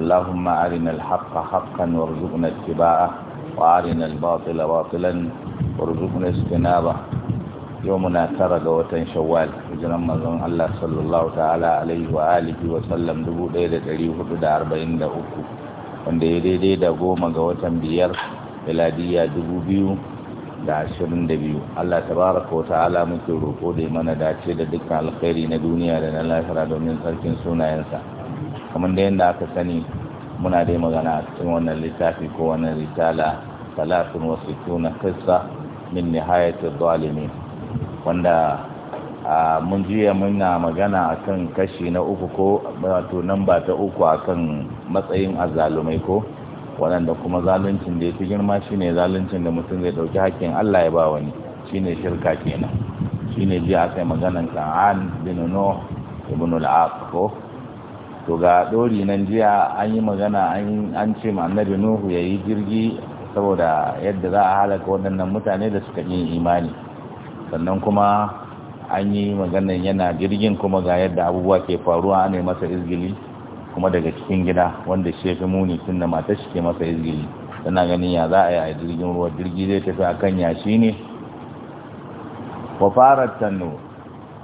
اللهم أرنا الحق حقا وارزقنا اتباعه وأرنا الباطل باطلا وارزقنا اجتنابه يومنا tara ga watan shawwal hijiran manzon Allah sallallahu ta'ala alaihi wa alihi wa sallam 1443 wanda ya daidai da goma ga watan biyar ashirin da biyu. Allah tabaraka wa ta'ala muke roƙo da mana dace da dukkan alkhairi na duniya da na lahira domin sarkin sunayensa kamar da yadda aka sani muna dai magana a cikin wannan littafi ko wannan risala talatin wasu tuna kissa min nihayatul zalimin wanda mun jiya muna magana a kan kashi na uku ko wato namba ta uku akan matsayin azalumai ko waɗanda kuma zaluncin da ya fi girma shine zaluncin da mutum zai ɗauki hakkin Allah ya ba wani shi ne shirka kenan shi ne jiya aka yi maganan kan'an bin no ibn al ko to ga dori nan jiya an yi magana an ce ma annabi nuhu ya yi jirgi saboda yadda za a halaka waɗannan mutane da suka yi imani sannan kuma an yi maganan yana jirgin kuma ga yadda abubuwa ke faruwa ne masa izgili kuma daga cikin gida wanda shi fi muni tun da matar shi ke masa izgili tana ganin ya za a yi a jirgin ruwa jirgi zai tafi a akan yashi ne wa fara tannu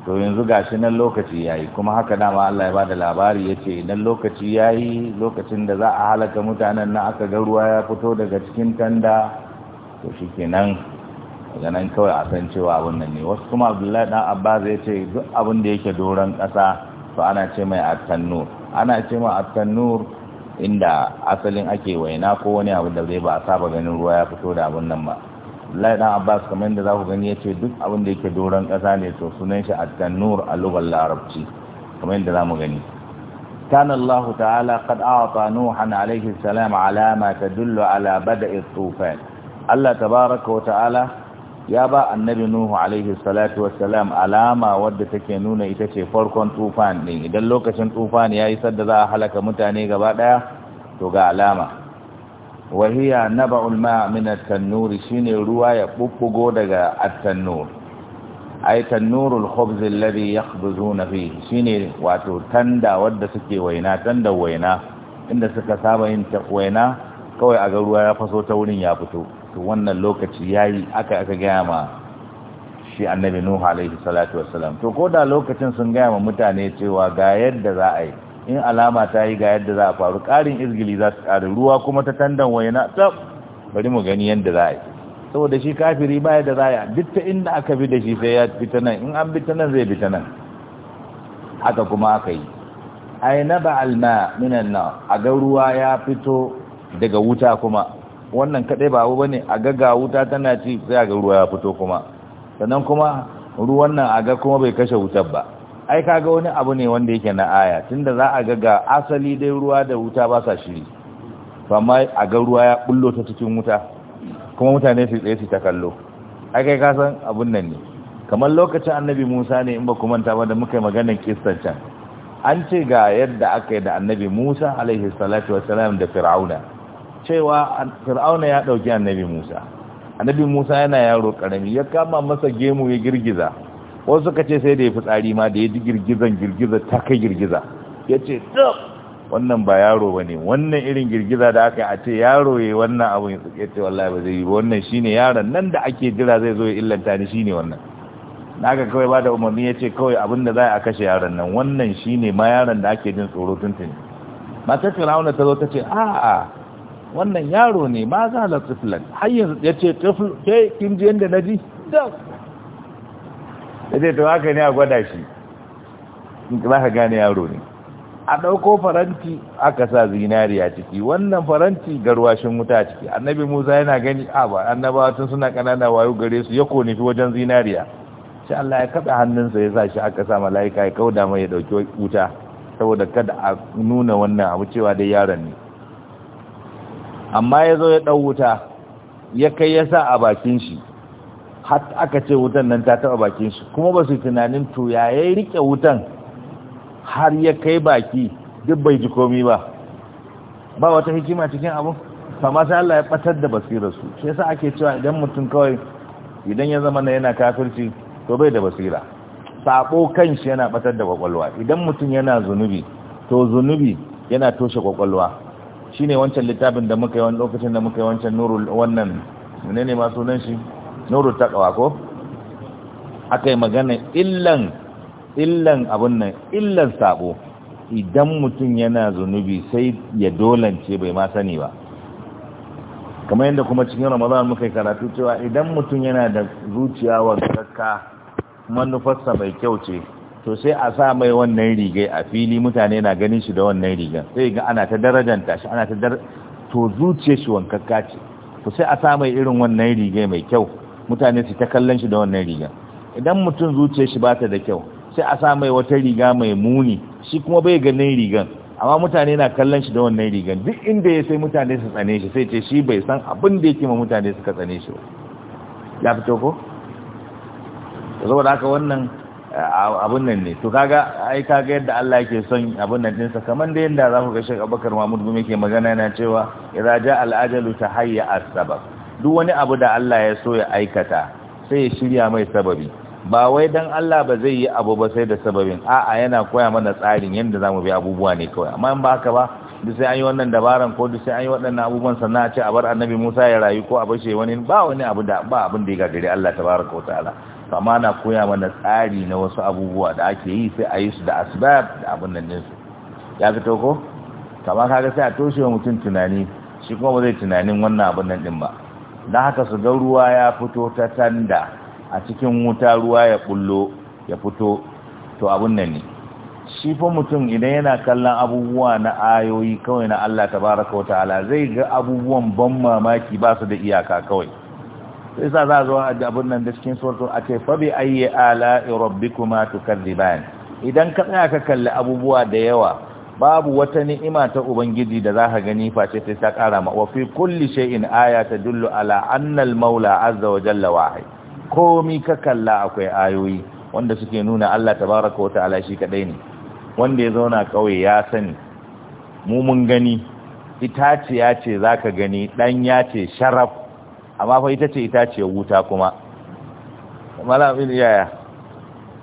to yanzu gashi nan lokaci yayi kuma haka dama Allah ya bada labari yace idan lokaci yayi lokacin da za a halaka mutanen na aka ga ruwa ya fito daga cikin tanda to shikenan daga nan kawai a san cewa abun nan ne wasu kuma Abdullahi dan Abbas ce duk abin da yake doron kasa to ana ce mai at ana ce mai at inda asalin ake waina ko wani abu da zai ba a saba ganin ruwa ya fito da abun nan ba Abdullahi dan Abbas kamar yadda za ku gani ya ce duk abin da yake doron ƙasa ne to sunan shi at-tanur a lugar larabci kamar yadda za mu gani كان الله تعالى قد أعطى نوحا عليه السلام علامة تدل على بدء الطوفان الله تبارك وتعالى ya ba annabi Nuhu alaihi salatu wassalam alama wadda take nuna ita ce farkon tufan din idan lokacin tufan yayi sadda za a halaka mutane gaba ɗaya to ga alama wahiya naba'ul ma min at-tannuri shine ruwa ya bubugo daga at-tannur ay tannurul khubz alladhi yakhdhuzuna shine wato tanda wadda suke waina tanda waina inda suka saba yin waina kawai a ga ruwa ya faso ta wurin ya fito to wannan lokaci yayi aka aka gaya ma shi annabi nuhu alaihi salatu wassalam to ko da lokacin sun gaya ma mutane cewa ga yadda za a yi in alama ta yi ga yadda za a faru ƙarin izgili za su ƙari ruwa kuma ta tandan waina tsab bari mu gani yadda za a yi saboda shi kafiri ba yadda za a yi duk ta inda aka bi da shi sai ya fita nan in an fita nan zai fita nan haka kuma aka yi aina ba alma minan na a ga ruwa ya fito daga wuta kuma wannan kadai ba abu bane a ga ga wuta tana ci sai a ga ruwa ya fito kuma sannan kuma ruwan nan a ga kuma bai kashe wutar ba ai kaga wani abu ne wanda yake na aya tunda za a ga ga asali dai ruwa da wuta ba sa shiri to amma a ga ruwa ya bullo ta cikin wuta kuma mutane su tsaye su ta kallo ai kai ka san abun nan ne kamar lokacin annabi Musa ne in ba ku manta ba da muka yi maganar kissan can an ce ga yadda aka yi da annabi Musa alaihi salatu wassalam da Fir'auna cewa Fir'auna ya dauki annabi Musa annabi Musa yana yaro karami ya kama masa gemu ya girgiza wasu suka ce sai da ya fitsari ma da ya ji girgizan girgiza ta kai girgiza ya ce duk wannan ba yaro ba ne wannan irin girgiza da aka yi a ce yaro ya wannan abu ya ce wallahi ba zai yi ba wannan shine yaron nan da ake jira zai zo ya illanta ni shine wannan na ga kawai ba da umarni ya ce kawai abin da za a kashe yaron nan wannan shine ma yaron da ake jin tsoro tuntuni matar firawuna ta zo ta ce a'a wannan yaro ne ma za la tiflan har yanzu ya ce tifl ke kin ji yadda na ji ya ce to haka ne a gwada shi za ka gane yaro ne a ɗauko faranti aka sa zinariya ciki wannan faranti garwashin wuta ciki annabi musa yana gani a ba annabawa tun suna ƙanana wayo gare su ya kone fi wajen zinariya shi allah ya kaɗa hannunsa ya sa shi aka sa mala'ika ya kauda mai ya ɗauki wuta saboda kada a nuna wannan abu cewa dai yaron ne amma ya zo ya ɗau wuta ya kai ya sa a bakin shi har aka ce wutan nan ta taba bakin shi kuma ba su tunanin to ya yayi rike wutan har ya kai baki duk bai ji komi ba ba wata hikima cikin abu amma sai Allah ya batar da basirar su shi yasa ake cewa idan mutum kawai idan ya zama na yana kafirci to bai da basira sabo kanshi yana batar da kwakwalwa idan mutum yana zunubi to zunubi yana toshe kwakwalwa shine wancan littafin da muka yi wani lokacin da muka yi wancan nurul wannan menene ma sunan shi nuru takawa ko yi magana illan illan abun nan illan sabo idan mutum yana zunubi sai ya dolance bai ma sani ba kamar yadda kuma cikin ramadan muka yi karatu cewa idan mutum yana da zuciya wasakka manufarsa mai kyau ce to sai a sa mai wannan rigai a fili mutane na ganin shi da wannan rigan sai ga ana ta darajanta shi ana ta dar to zuciyar shi wankakka ce to sai a sa mai irin wannan rigai mai kyau mutane su ta kallon shi da wannan riga idan mutum zuciyar shi bata da kyau sai a sa mai wata riga mai muni shi kuma bai ganin rigan amma mutane na kallon shi da wannan rigan duk inda ya sai mutane su tsane shi sai ce shi bai san abin da yake ma mutane suka tsane shi ba ya fito ko saboda haka wannan abun nan ne to kaga ai kaga yadda Allah yake son abun nan dinsa kamar da yadda za ku ga Sheikh Abubakar Mahmud Gumi yake magana yana cewa idza ja al ajalu tahayya as sabab duk wani abu da Allah ya so ya aikata sai ya shirya mai sababi ba wai dan Allah ba zai yi abu ba sai da sababin a'a yana koya mana tsarin yadda zamu bi abubuwa ne kawai amma in ba haka ba duk sai an yi wannan dabaran ko duk sai an yi waɗannan abubuwan sannan a ce a bar annabi Musa ya rayu ko a bashe wani ba wani abu da ba abin da ya gagare Allah tabaraka wa ta'ala amma na koya mana tsari na wasu abubuwa da ake yi sai a yi su da asbab da abin nan din su ya to ko kamar kaga sai a toshe mutum tunani shi kuma ba zai tunanin wannan abin nan din ba da haka su ga ruwa ya fito ta tanda a cikin wuta ruwa ya bullo ya fito to abun nan ne shi fa mutum idan yana kallon abubuwa na ayoyi kawai na Allah tabaraka wa ta'ala zai ga abubuwan ban mamaki ba su da iyaka kawai sai sa za a zo a abun nan da cikin suratul a ce fa bi ayyi ala rabbikuma tukadziban idan ka tsaya ka kalli abubuwa da yawa babu wata ni'ima ta ubangiji da zaka gani face sai ta kara ma wa fi kulli shay'in aya dullu ala anna al-maula azza wa jalla wahid komi ka kalla akwai ayoyi wanda suke nuna Allah tabaaraka wa ta'ala shi kadai ne wanda ya zauna kauye ya sani mu mun gani ya ce zaka gani dan ya ce sharaf amma fa ita ce itace wuta kuma malamin yaya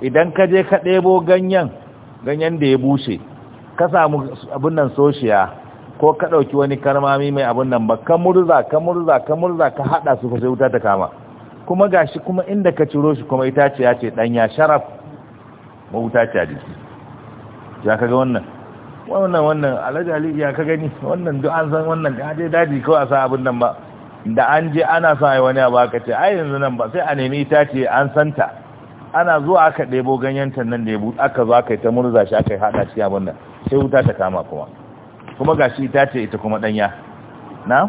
idan ka je ka ɗebo ganyen ganyen da ya bushe ka samu abin nan soshiya ko ka ɗauki wani karmami mai abin nan ba ka murza ka murza ka murza ka haɗa su sai wuta ta kama kuma gashi kuma inda ka ciro shi kuma ita ce ya ce ɗanya sharaf ma wuta ce a jiki ya kaga wannan wannan wannan alhaji ali ya ka gani wannan duk an san wannan ka je daji kawai a sa abin nan ba da an je ana sa ai wani abu aka ce ai yanzu nan ba sai a nemi ita ce an santa ana zuwa aka ɗebo ganyen nan da ya buɗe aka zo aka yi ta murza shi aka yi haɗa shi abin nan sai wuta ta kama kuma kuma shi ta ce ita kuma danya na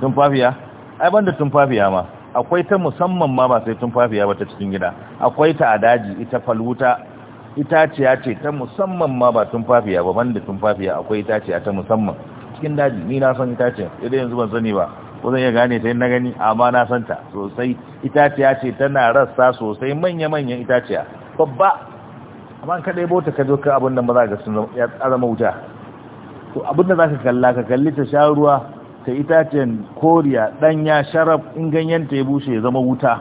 tumfafiya ai banda tumfafiya ma akwai ta musamman ma ba sai tumfafiya ba ta cikin gida akwai ta adaji ita falwuta itaciya ce ta musamman ma ba tumfafiya ba banda tumfafiya akwai itaciya ta musamman cikin daji ni na san itaciya idan yanzu ban sani ba ko zan iya gane ta yin na gani amma na san ta sosai itaciya ce tana rasa sosai manya-manyan itaciya babba amma an kaɗai bauta ka zo ka abin da ba za sun zama wuta to abin da za ka kalla ka kalli ta sha ruwa ta itacen koriya ɗanya sharaf in ganyen ta ya bushe ya zama wuta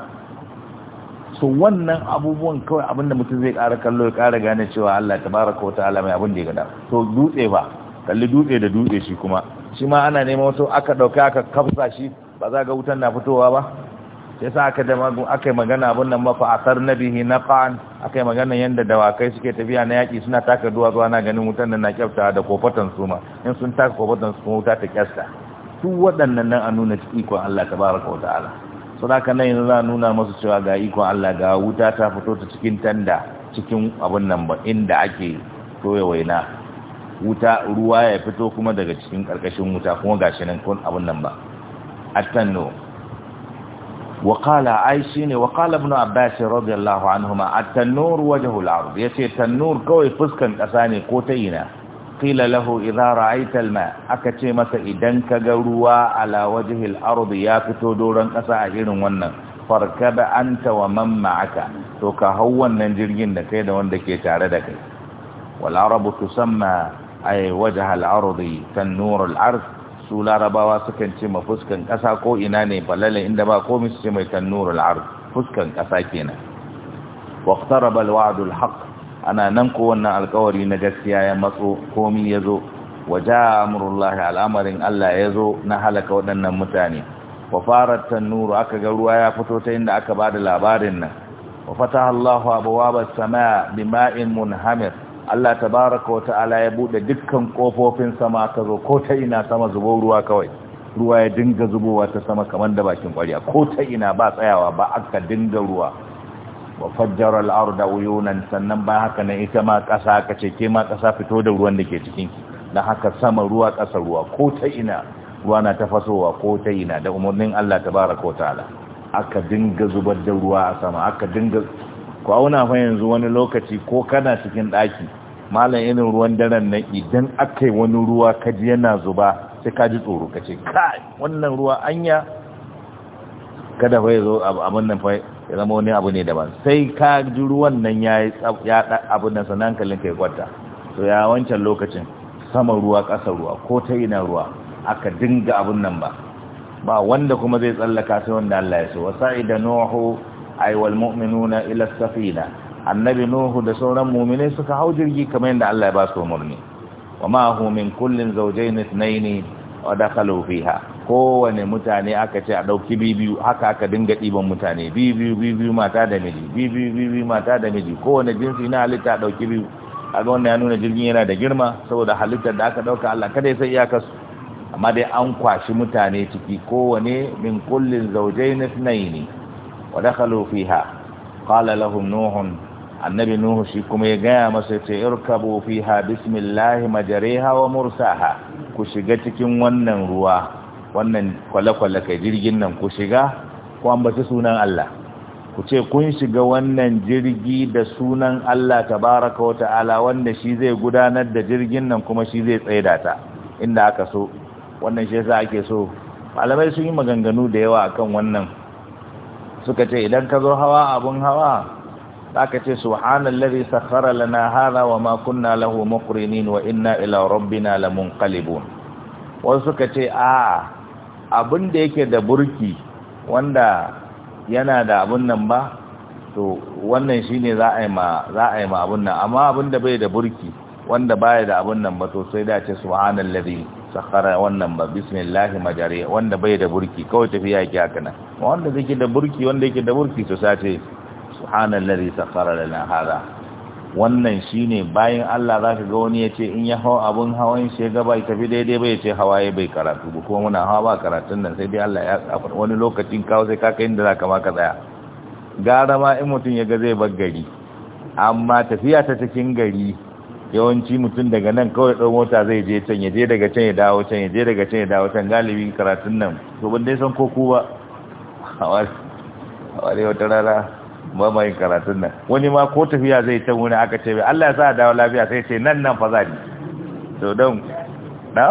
so wannan abubuwan kawai abin da mutum zai ƙara kallo ya ƙara gane cewa Allah ta bara ko ta mai abin da ya gada to dutse ba kalli dutse da dutse shi kuma shi ma ana neman wasu aka ɗauka aka kafsa shi ba za ga wutan na fitowa ba sai sa aka aka yi magana abin nan mafa asar na bihi na ƙan aka yi magana yadda dawakai suke tafiya na yaƙi suna taka duwatsu na ganin wutan nan na kyauta da kofatan su ma in sun taka kofatan su kuma wuta ta kyasta su waɗannan nan a nuna ikon Allah ta baraka wa ta'ala sun haka nan yanzu za a nuna masu cewa ga ikon Allah ga wuta ta fito ta cikin tanda cikin abin nan ba inda ake toya waina wuta ruwa ya fito kuma daga cikin ƙarƙashin wuta kuma gashi nan kun abin nan ba attanno وقال عايشين وقال ابن عباس رضي الله عنهما التنور وجه العرض يتي التنور كوي فسكا كساني قوتينا قيل له إذا رأيت الماء أكتي إدنك قروا على وجه الأرض يافتو دورا كسا ونن فاركب أنت ومن معك توكا هو ننجرين دكيدا وندكي تعردك والعرب تسمى أي وجه الأرض تنور العرض su larabawa sukan ce ma fuskan ƙasa ko ina ne balalin inda ba komi su ce mai kannurul arz fuskan ƙasa kenan waqtaraba alwa'dul haqq ana nan ko wannan alƙawari na gaskiya ya matso komi yazo waja amrullahi al'amarin Allah yazo na halaka waɗannan mutane wa farat tanuru aka ga ruwa ya fito ta inda aka bada labarin nan wa fataha Allahu abwaaba as-samaa bima'in munhamir Allah ta baraka wa ta'ala ya bude dukkan kofofin sama ka zo ko ta ina sama zubo ruwa kawai ruwa ya dinga zubowa ta sama kamar da bakin kwariya ko ta ina ba tsayawa ba aka dinga ruwa wa fajjara al ardu uyunan sannan ba haka ne ita ma kasa ka ce ke ma kasa fito da ruwan da ke cikin ki dan haka sama ruwa kasa ruwa ko ta ina ruwa na tafasowa ko ta ina da umarnin Allah tabaraka wa ta'ala aka dinga zubar da ruwa a sama aka dinga ku auna fa yanzu wani lokaci ko kana cikin ɗaki malam irin ruwan daren nan idan aka yi wani ruwa kaji yana zuba sai ka ji tsoro ka ce kai wannan ruwa anya kada fa ya zo abin nan fa ya zama wani abu ne daban sai ka ji ruwan nan ya yi abu nan sanan hankalin kai kwata to ya wancan lokacin sama ruwa ƙasa ruwa ko ta ina ruwa aka dinga abin nan ba ba wanda kuma zai tsallaka sai wanda Allah ya so wasa idan nuhu ay wal mu'minuna ila safina annabi nuhu da sauran mu'mine suka hau jirgi kamar yadda Allah ya ba su umarni wa ma hu min kullin zawjayn ithnayn wa dakhalu fiha kowane mutane aka ce a dauki bibiyu haka aka dinga diban mutane bibiyu bibiyu mata da miji bibiyu bibiyu mata da miji kowane jinsi na halitta dauki biyu kaga wannan ya nuna jirgin yana da girma saboda halittar da aka dauka Allah kada ya sai su amma dai an kwashi mutane ciki kowane min kullin zawjayn ithnayn wa dakhalu fiha qala lahum nuhun annabi nuhu shi kuma ya gaya masa ce irkabu fiha bismillah majariha mursaha ku shiga cikin wannan ruwa wannan kwale kai jirgin nan ku shiga ku ambaci sunan Allah ku ce kun shiga wannan jirgi da sunan Allah tabaaraka wa ta'ala wanda shi zai gudanar da jirgin nan kuma shi zai tsaida ta inda aka so wannan shi yasa ake so malamai sun yi maganganu da yawa akan wannan suka ce idan ka zo hawa abun hawa aka ce lari sakhkhara lana hana wa ma kunna lahu muqrinin wa inna ila rabbina lamunqalibun wani suka ce a abin da yake da burki wanda yana da abun nan ba to wannan shine za a yi ma za a yi ma abun nan amma abin da bai da burki wanda baya da abun nan ba to sai da ce subhanallazi sakara wannan ba bismillah majari wanda bai da burki kawai tafiya yake haka nan wanda yake da burki wanda yake da burki to sace subhanallazi sakara lana hada wannan shine bayan Allah zaka ga wani yace in ya hawa abun hawan shi ga bai tafi daidai bai yace hawaye bai karatu ba kuma muna hawa ba karatun nan sai dai Allah ya tsafar wani lokacin kawo sai ka kai inda zaka ma ka tsaya gara ma in mutun ya ga zai bar gari amma tafiya ta cikin gari yawanci mutum daga nan kawai ɗau mota zai je can ya je daga can ya dawo can ya je daga can ya dawo can galibi karatun nan to ban dai san koko ba a wani wata rana ba ma yin karatun nan wani ma ko tafiya zai can wani aka ce bai Allah ya sa dawo lafiya sai ce nan nan fa za ni to don na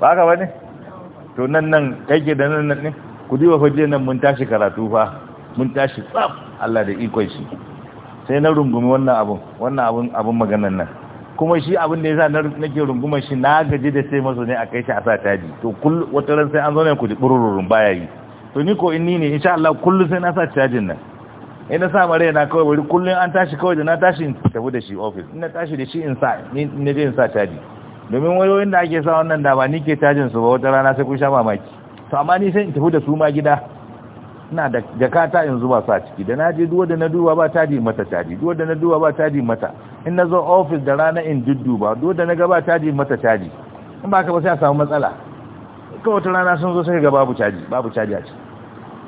ba ka bane to nan nan ke da nan nan ne ku diba fa je nan mun tashi karatu fa mun tashi tsaf Allah da ikon shi sai na rungumi wannan abun wannan abun abun maganan nan kuma shi abun da yasa nake runguma shi na gaji da sai maso ne a kai shi a sa taji to kull wata ran sai an zo ne ku ji bururun baya yi to ni ko inni ne insha Allah kullu sai na sa cajin nan in na sa mare na kawai bari kullun an tashi kawai da na tashi in tafi da shi office in na tashi da shi in sa ni ne zan sa caji domin wayoyin da ake sa wannan da ba ni ke cajin su ba wata rana sai kun sha mamaki to amma ni sai in tafi da su ma gida ina da jakata yanzu ba sa ciki da naje duwa da na duba ba ta ji mata taji duwa da na duba ba ta ji mata in na zo ofis da rana in dudduba duwa da na ga ba ji mata taji in ba ka ba sai a samu matsala kawai wata rana sun zo sai ga babu caji babu caji a ciki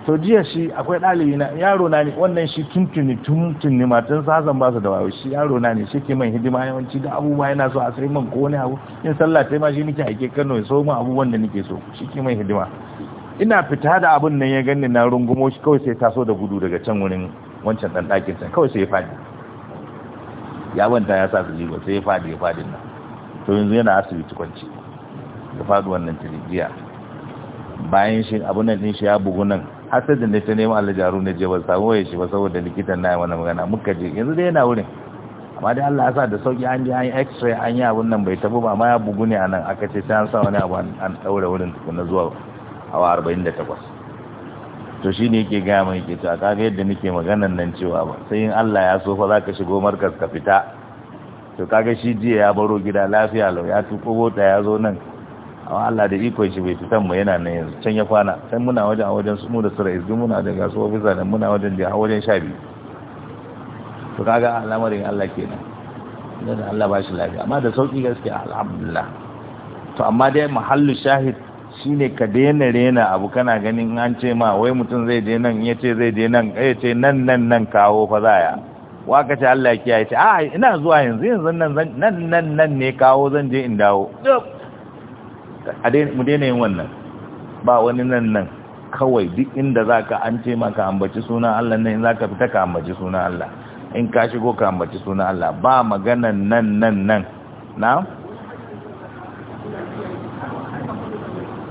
to jiya shi akwai ɗalibi na yaro na ne wannan shi tuntuni tuntuni matan sazan ba su da wayo shi yaro na ne shi ke man hidima yawanci da abubuwa yana so a sai man ko wani abu in sallah sai ma shi nake aike Kano ya so mu abubuwan da nike so shi ke man hidima ina fita da abin nan ya ganni na rungumo shi kawai sai taso da gudu daga can wurin wancan dan dakin can kawai sai ya fadi ya banta ya sa su ba sai ya fadi ya fadin nan to yanzu yana asibiti kwanci da fadi wannan tirigiya bayan shi abin nan din shi ya bugu nan har sai da ta nemi Allah jaru na je ba samu waye shi ba saboda likitan na yi mana magana muka je yanzu dai yana wurin amma dai Allah ya sa da sauki an je an yi x-ray an yi abun nan bai tabo ba amma ya bugu ne a nan aka ce sai an sa wani abu an daura wurin tukuna zuwa awa arba'in da takwas to shi ne yake gaya mai keto a kaga yadda nake maganan nan cewa ba sai in Allah ya so fa za ka shigo markas ka fita to kaga shi jiya ya baro gida lafiya lau ya tuko bota ya zo nan awa Allah da ikon shi bai fitan mu yana nan yanzu can ya kwana sai muna wajen a wajen su mu da sura izgi muna da gasu ofisa nan muna wajen da a wajen sha biyu to kaga al'amarin Allah kenan dan Allah ba shi lafiya amma da sauki gaskiya alhamdulillah to amma dai mahallu shahid ne ka daina rena abu kana ganin an ce ma wai mutum zai je nan ya ce zai je nan ya ce nan nan nan kawo fa zaya wa ka ce Allah ya kiyaye ce a ah, ina zuwa yanzu yanzu nan nan nan nan ne kawo zan je in dawo a dai mu daina yin wannan ba wani nan nan kawai duk inda za ka an ce maka ambaci sunan Allah ne in zaka fita ka ambaci sunan Allah in ka shigo ka ambaci sunan Allah ba maganan nan nan nan na'am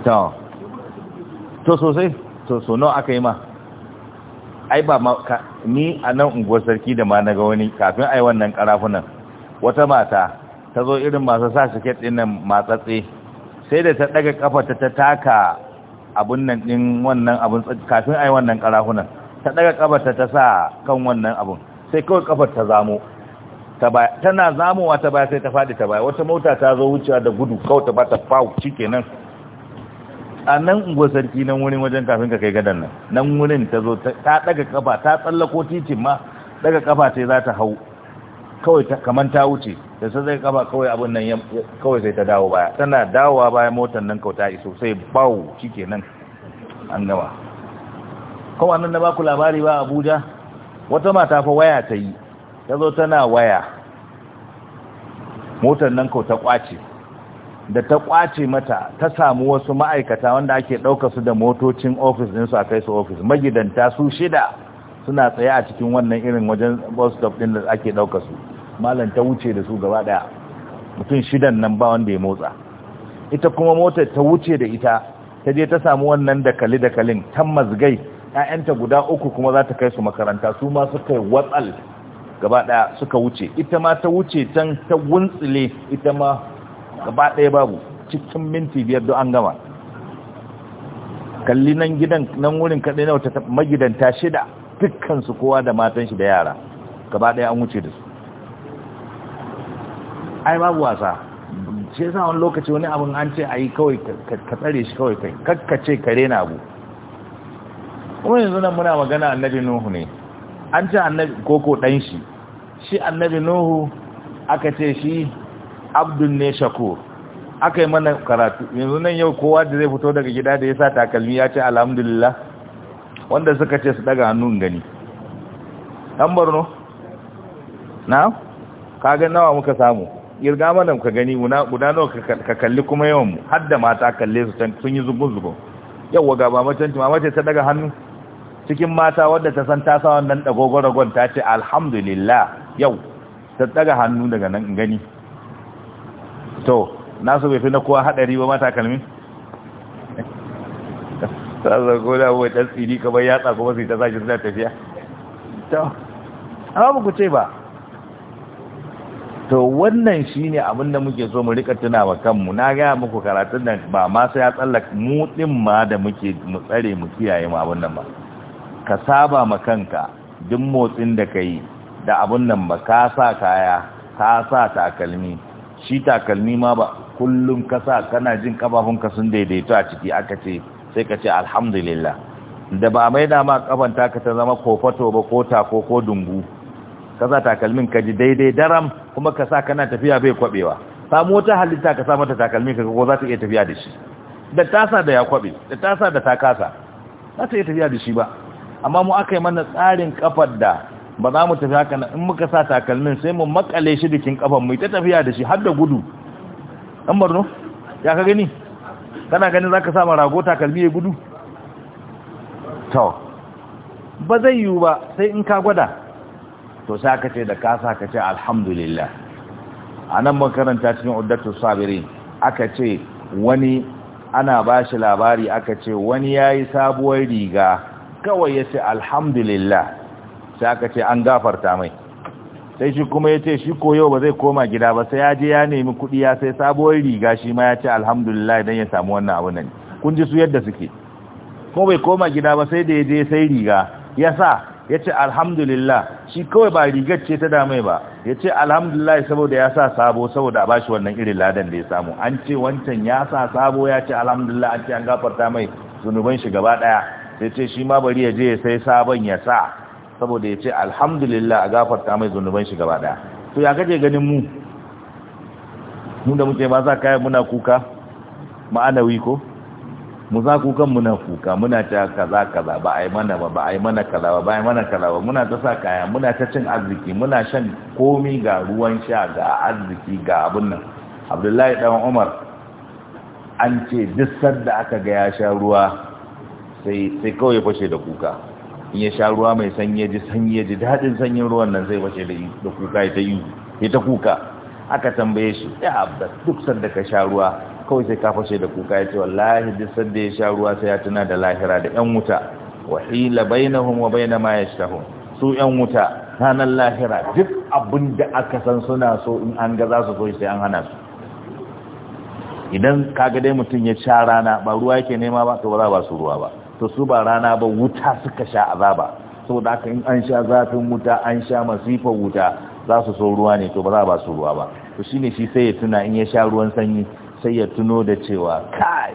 to sosai to so nawa aka yi ma ai ba ma ni a nan unguwar sarki da ma naga wani kafin ai wannan karafunan wata mata ta zo irin masu sa siket din nan matsatse sai da ta daga kafarta ta taka abun nan din wannan abun kafin ai wannan karafunan ta daga kafarta ta sa kan wannan abun sai kawai kafar ta zamo tana zamowa ta baya sai ta faɗi ta baya wata mota ta zo wucewa da gudu kawai ta ba ta fawo shikenan a nan unguwar sarki nan wurin wajen kafin ka kai gadan nan nan wurin ta zo ta daga kafa ta tsallako titin ma daga kafa sai za ta hau kawai kamar ta wuce da sai zai kafa kawai abin nan kawai sai ta dawo baya tana dawowa baya motar nan kauta iso sai bawo cike nan an gama kuma nan na baku labari ba abuja wata mata fa waya ta yi ta zo tana waya motar nan kauta kwace da ta kwace mata ta samu wasu ma'aikata wanda ake ɗauka su da motocin ofis din su a kai su ofis magidanta su shida suna tsaye a cikin wannan irin wajen bus stop ɗin da ake ɗauka su malam ta wuce da su gaba ɗaya mutum shidan nan ba wanda ya motsa ita kuma motar ta wuce da ita ta je ta samu wannan dakali dakalin tan mazgai ƴaƴanta guda uku kuma za ta kai su makaranta su ma suka yi watsal gaba ɗaya suka wuce ita ma ta wuce can ta wuntsile ita ma gaba ɗaya babu cikin minti biyar don an gama kalli nan gidan nan wurin kaɗai na wata magidanta shida dukkansu kowa da matan shi da yara gaba ɗaya an wuce da su ai babu wasa shi sa wani lokaci wani abin an ce a yi kawai ka tsare shi kawai kai kakkace kare na abu kuma yanzu nan muna magana annabi nuhu ne an ce annabi koko ɗan shi shi annabi nuhu aka ce shi abdun ne shakur aka yi mana karatu yanzu nan yau kowa da zai fito daga gida da ya sa takalmi ya ce alhamdulillah wanda suka ce su daga hannun gani ɗan borno na Ka ga nawa muka samu girga mana ka gani guda nawa ka kalli kuma yawan mu Hadda mata kalle su can sun yi zubun zubun yau ga ba macen ma mace ta daga hannu cikin mata wadda ta san ta nan wannan ragon ta ce alhamdulillah yau ta daga hannu daga nan gani to nasu bai fi na kowa haɗari ba mata kalmi ta zago da abuwa ɗan tsiri kamar yatsa kuma yi ta zaki suna tafiya to amma ba ku ce ba to wannan shi ne abin da muke so mu rika tuna wa kanmu na gaya muku karatun nan ba ma sai ya tsallaka mutum ma da muke mu tsare mu kiyaye mu abin nan ba ka saba ma kanka duk motsin da ka yi da abin nan ba ka sa kaya ka sa takalmi shi takalmi ma ba kullum kasa kana jin kafafunka sun daidaito a ciki aka ce sai ka ce alhamdulillah da ba mai dama kafan ka ta zama kofato ba ko tako ko dungu kasa takalmin ka ji daidai daram kuma kasa kana tafiya bai kwabewa samu wata halitta ka sa mata takalmin ka ko za ta iya tafiya da shi da tasa da ya kwabe da tasa da ta kasa za ta iya tafiya da shi ba amma mu aka yi mana tsarin kafar da ba za mu tafi haka in muka sa takalmin sai mu makale shi jikin kafan mu ta tafiya da shi har da gudu an barno ya ka gani kana ganin zaka sa marago takalmi ya gudu to ba zai yiwu ba sai in ka gwada to sai ka ce da ka sa ka ce alhamdulillah anan makaranta cikin uddatu sabirin aka ce wani ana ba shi labari aka ce wani yayi sabuwar riga kawai ya ce alhamdulillah sai aka ce an gafarta mai sai shi kuma ya ce shi koyo ba zai koma gida ba sai ya je ya nemi kuɗi ya sai sabuwar riga shi ma ya ce alhamdulillah idan ya samu wannan abu nan kun ji su yadda suke kuma bai koma gida ba sai da ya je sai riga ya sa ya ce alhamdulillah shi kawai ba rigar ce ta damai ba ya ce alhamdulillah saboda ya sa sabo saboda a bashi wannan irin ladan da ya samu an ce wancan ya sa sabo ya ce alhamdulillah an ce an gafarta mai zunuban shi gaba daya sai ce shi ma bari ya je sai sabon ya sa saboda ya ce alhamdulillah a gafarta mai zunuban shi gaba daya to ya kaje ganin mu mu da muke ba za kayan muna kuka ma'anawi ko mu za kukan muna kuka muna ta kaza kaza ba a yi mana ba ba a yi mana kaza ba ba a yi mana kaza ba muna ta sa kaya muna ta cin arziki muna shan komi ga ruwan sha ga arziki ga abin nan abdullahi ɗan umar an ce duk sanda aka ga ya sha ruwa sai kawai fashe da kuka in ya sha ruwa mai sanyi ya ji sanyi ji daɗin sanyin ruwan nan zai wace da kuka ya ta yi ya ta kuka aka tambaye shi ya abbas duk sanda ka sha ruwa kawai sai ka fashe da kuka ya ce wallahi duk sanda ya sha ruwa sai ya tuna da lahira da yan wuta wa hila bainahum wa baina ma yashtahun su yan wuta ranar lahira duk abin da aka san suna so in an ga za su so sai an hana su idan kaga dai mutum ya sha rana ba ruwa yake nema ba to ba za ba su ruwa ba to su ba rana ba wuta suka sha azaba da aka in an sha zafin wuta an sha masifar wuta za su so ruwa ne to ba za ba su ruwa ba to shi ne shi sai ya tuna in ya sha ruwan sanyi sai ya tuno da cewa kai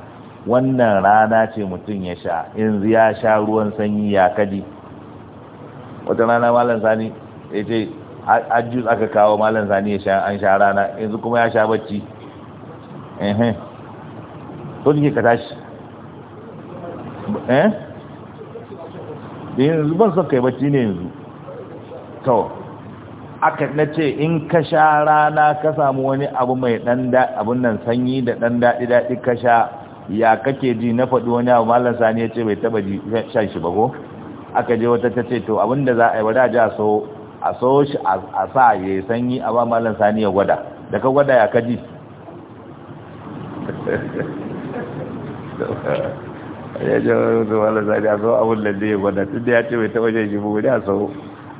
wannan rana ce mutum ya sha yanzu ya sha ruwan sanyi ya kadi wata rana malam sani ya ce ajiyar aka kawo malam sani ya sha an sha rana yanzu kuma ya sha bacci ehem to ne ka tashi eh yanzu ban son kai bacci ne yanzu to aka na ce in ka sha rana ka samu wani abu mai dan abun nan sanyi da dan daɗi daɗi ka sha ya kake ji na faɗi wani abu malam sani ya ce bai taɓa ji shan shi ba ko aka je wata ta ce to abin da za a yi bari a ji a so a so shi a sa ya sanyi a ba malam sani ya gwada da ka gwada ya ka ji ya ji wani su wala sani a sau abun da zai gwada tun da ya ce bai taɓa shan shi bugu da sau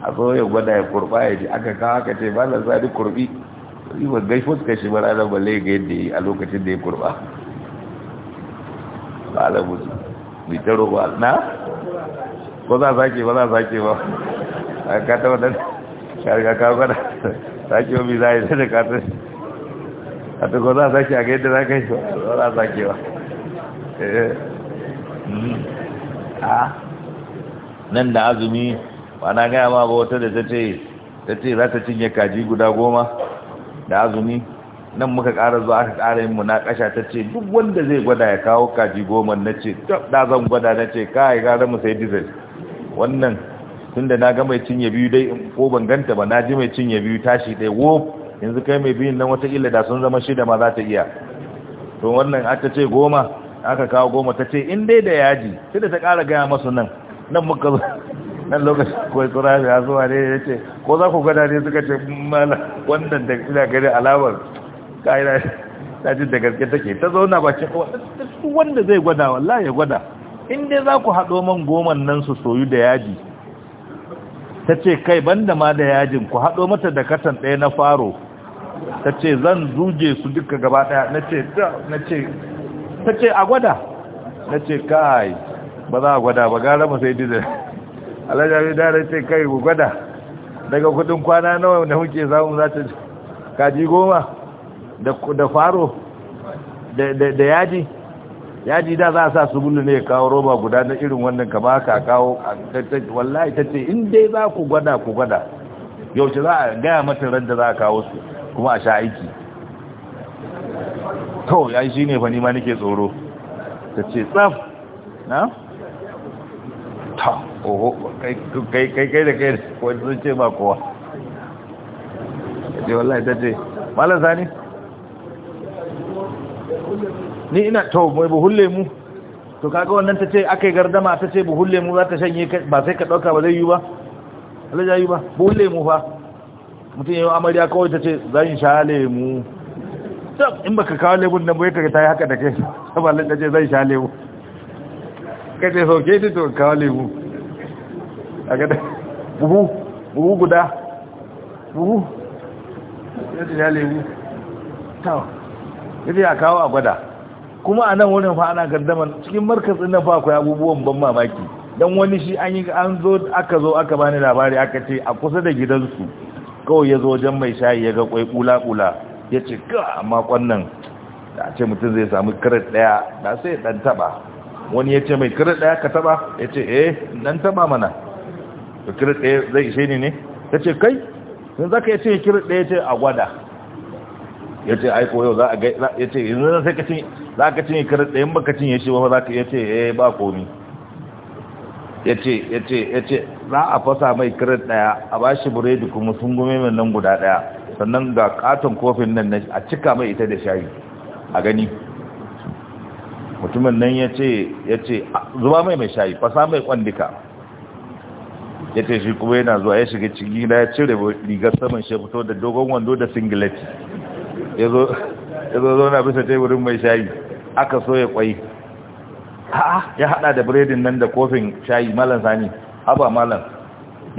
a sau ya gwada ya kurɓa ya ji aka kawo aka ce ba na sani kurɓi yi ba gai fuskar shi mara ranar balle ga yadda yi a lokacin da ya kurɓa ba ala mutu bai ta roba na ko za a sake ba za a sake ba a kata wadanda ka kawo gwada sake wa bi za a yi da kata a ta ko za a sake a ga yadda za ka yi ba za a sake ba eh. Hmm. Ah. nan da azumi ba na gaya ma ba wata da ta ce ta za ta cinye kaji guda goma da azumi nan muka kara zuwa aka kara yin munakasha ta ce duk wanda zai gwada ya kawo kaji goma na ce da zan gwada na ce kai gara mu sai diesel wannan tun da na ga mai cinye biyu dai ko ban ganta ba na ji mai cinye biyu tashi ɗaya wo yanzu kai mai biyun nan illa da sun zama shida ma za ta iya to wannan aka ce goma aka kawo goma ta ce in dai da yaji sai da ta ƙara gaya masu nan nan muka zo nan lokaci kawai tsura ya zuwa ne ya ce ko za ku gada ne suka ce mala wannan da ina gari alamar ƙa'ira ta ji da gaske take ta zauna ba ce wanda zai gwada walla ya gwada in dai za ku haɗo man goman nan su soyu da yaji ta ce kai banda ma da yajin ku haɗo mata da katan ɗaya na faro ta ce zan zuje su duka gaba ɗaya na ce ta ce a gwada na ce kai ba za a gwada ba gara masu sai dizel alajari dare ce kai ku gwada daga kudin kwana nawa da muke samu za ta kaji goma da faro da yaji yaji da za a sa su gudu ne kawo roba guda na irin wannan kama ka kawo wallahi ta ce in dai za ku gwada ku gwada yau ce za a gaya mata ran za a kawo su kuma a sha aiki to ya shi ne fa nima nike tsoro ta ce tsaf na? ta oho kai kai kai da kai wani sun ce ba kowa ya ce wallahi ta ce malar zani? ni ina to mai buhulle mu to kaga wannan ta ce aka yi gardama ta ce buhulle mu za ta shanye ba sai ka ɗauka ba zai yi ba? alajayi ba buhulle mu fa mutum yi amarya kawai ta ce zan sha lemu In in baka kawo lebun na bai kare ta yi haka da kai saboda da ce zai sha lebu ka ce sauke shi to kawo lebu a gada buhu buhu guda buhu ya ce sha lebu tawa ya ce ya kawo a gwada kuma a nan wurin fa ana gardama cikin markatsin na fa akwai abubuwan ban mamaki don wani shi an yi an zo aka zo aka bani labari aka ce a kusa da gidansu kawai ya zo wajen mai shayi ya ga kwai kula-kula ya ce ka amma kwannan da a ce mutum zai sami kirit daya da sai dan taba wani ya ce mai kirit daya ka taba ya ce eh dan taba mana to kirit daya zai ishe ni ne ya ce kai sun ka ya ce kirit daya ce a gwada ya ce aiko yau za a gai ya ce yanzu sai ka za ka cinye kirit daya in kacin cinye shi ba za ka ya ce eh ba komi ya ce ya ce ya ce za a fasa mai kirit daya a bashi buredi kuma sun gume nan guda daya sannan ga katon kofin nan a cika mai ita da shayi a gani mutumin nan ya ce zuba mai mai shayi fasa mai kwandika ya ce shi kuma yana zuwa ya shiga ciki na ya cire rigar saman shi fito da dogon wando da singileti ya zo zauna bisa teburin mai shayi aka so ya kwai ya hada da biredin nan da kofin shayi malan sani haba malan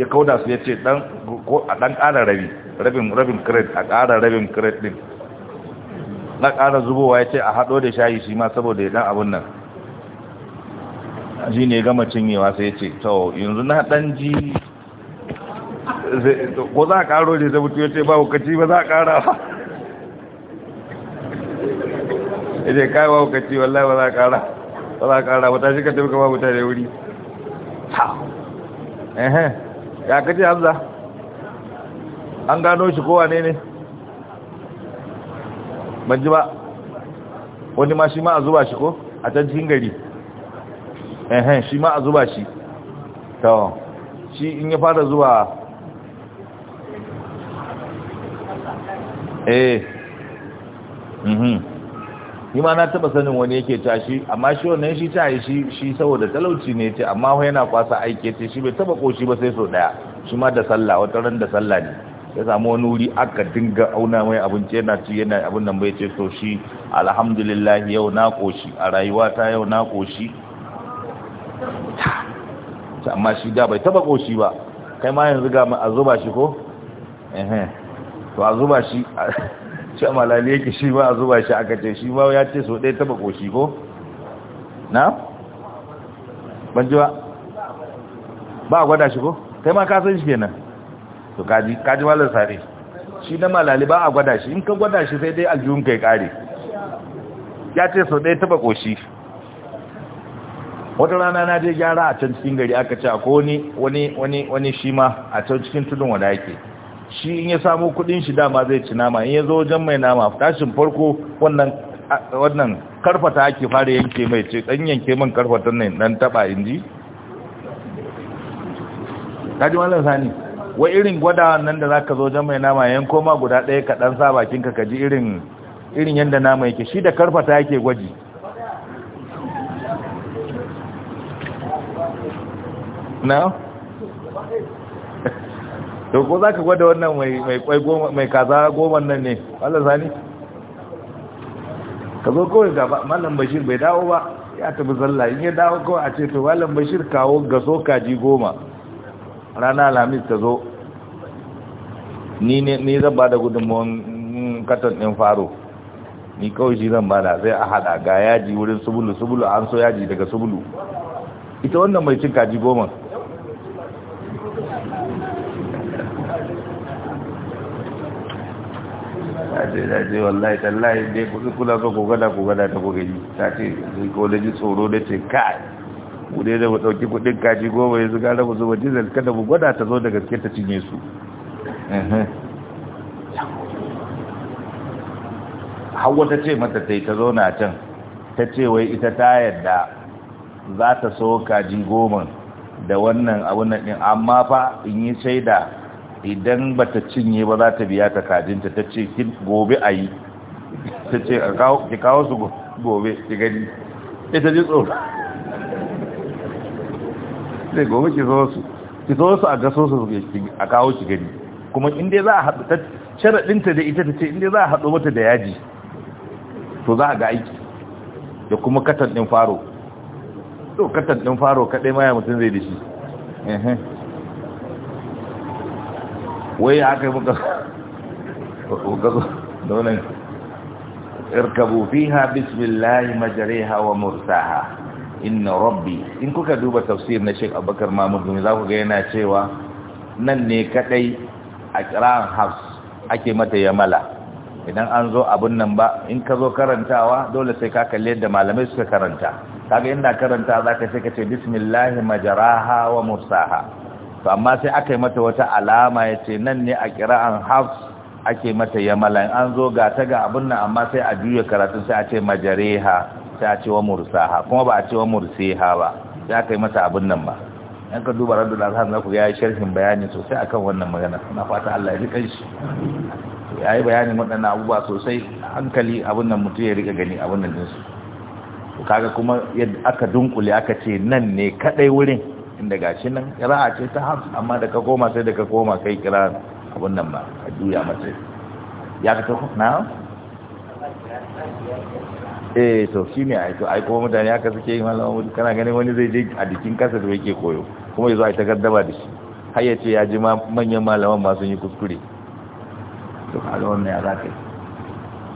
ya kauda su ya ce a dan ƙara rabi rabin rabin kred a ƙara rabin kred din na ƙara zubowa ya ce a haɗo da shayi shi ma saboda ya ɗan abun nan ji ne gama cinyewa sai ya ce to yanzu na ɗan ji ko za a ƙaro ne zabutu ya ce ba hukaci ba za a ƙara ba ya ce kai ba hukaci wallahi ba za a ƙara ba za a ƙara ba ta shi ka tafi ka mutane wuri ha ya kace hamza an gano shi kowa ne ne ban ji ba wani ma shi ma a zuba shi ko a can cikin gari ehen shi ma a zuba shi tawon shi in ya fara zuwa eh mhm yi ma na taba sanin wani yake ta shi amma shi wannan shi ta shi shi saboda talauci ne ce amma yana kwasa aike ce shi bai taba koshi ba sai so daya shi ma da sallah wata ran da sallah ne ya samu wani wuri aka dinga auna mai abinci yana ci yana abin nan bai ce so shi alhamdulillah yau na koshi a rayuwata yau na koshi amma shi da bai taba koshi ba kai ma yanzu ga a zuba shi ko to a zuba shi ce malali yake shi ma a zuba shi aka ce shi ma ya ce so ɗaya taba koshi ko na ban ji ba ba a gwada shi ko kai ma ka san shi kenan to kaji kaji malar sare shi na malali ba a gwada shi in ka gwada shi sai dai aljihun kai kare ya ce sau ɗaya taba ƙoshi wata rana na je gyara a can cikin gari aka ce a ko wani wani wani wani shi ma a can cikin tudun wanda yake shi in ya samu kuɗin shi dama zai ci nama in ya zo wajen mai nama tashin farko wannan wannan karfata ake fara yanke mai ce dan yanke min karfatan nan dan taba inji kaji malam sani wa irin gwada nan da zaka zo jan mai nama yanko ma guda ɗaya ka ɗan sa bakinka ka ji irin irin yadda nama yake shi da karfata yake gwaji na to ko za ka gwada wannan mai kaza goma nan ne Allah sani ka zo kawai gaba malam bashir bai dawo ba ya tafi zalla in ya dawo kawai a ce to malam bashir kawo gaso kaji goma rana alhamis ta zo ni ne zan ba da gudunmawar katon ɗin faro ni kawai shi zan bada sai a hada ga yaji wurin subulu subulu an so yaji daga subulu ita wannan mai cin kaji goma ce ta ce wallahi tallahi dai kusa kula so ku gada ku gada ta kuka ta ce ko da ji tsoro da ce kai ku da mu ɗauki kuɗin kaji goma yanzu gara mu zuba dizal kada mu gwada ta zo da gaske ta cinye su hawa ta ce mata ta yi ta zauna can ta ce wai ita ta yadda za ta so kaji goma da wannan abin ɗin amma fa in yi shaida idan ba ta cinye ba za ta biya ta kajinta ta ce gobe a yi ta ce ki kawo su gobe ki gani ita ji tsoro sai gobe ki zo su ki zo su a gaso su a kawo ki gani kuma in dai za a haɗu ta sharaɗinta da ita ta ce in dai za a haɗu mata da yaji to za a ga aiki da kuma katan ɗin faro to katan ɗin faro kaɗai maya mutum zai da shi wai haka yi muka gaso da wani irkabu fiha bismillahi majariha wa mursaha inna rabbi in kuka duba tafsir na Sheikh Abubakar mamudu Gumi za ku ga yana cewa nan ne kadai a kiran hafs ake mata yamala idan an zo abun nan ba in ka zo karantawa dole sai ka kalli yadda malamai suka karanta kaga inda karanta za ka sai ka ce bismillah majraha wa mursaha to amma sai aka yi mata wata alama yace nan ne a kira'an hafs ake mata yamala in an zo ga ta ga abun nan amma sai a juya karatu sai a ce majareha ta ce wa mursaha kuma ba a ce wa mursiha ba ya kai yi mata abin nan ba yan ka duba radu azhar za ku yi sharhin bayani sosai a kan wannan magana na fata Allah ya rika shi ya yi bayanin waɗannan abubuwa sosai hankali abin nan mutum ya rika gani abin nan dinsu kaga kuma yadda aka dunkule aka ce nan ne kaɗai wurin inda gashi nan a ce ta hafi amma da ka koma sai da ka koma kai kira abin nan ba a juya mace ya ka ta na eh to shi ne aiko aiko mutane aka suke yi malama mutu kana ganin wani zai je a jikin kasa da yake koyo kuma ya zo a yi takardaba da shi har ya ya ji manyan malaman masu yi kuskure to kaga ne ya za ka yi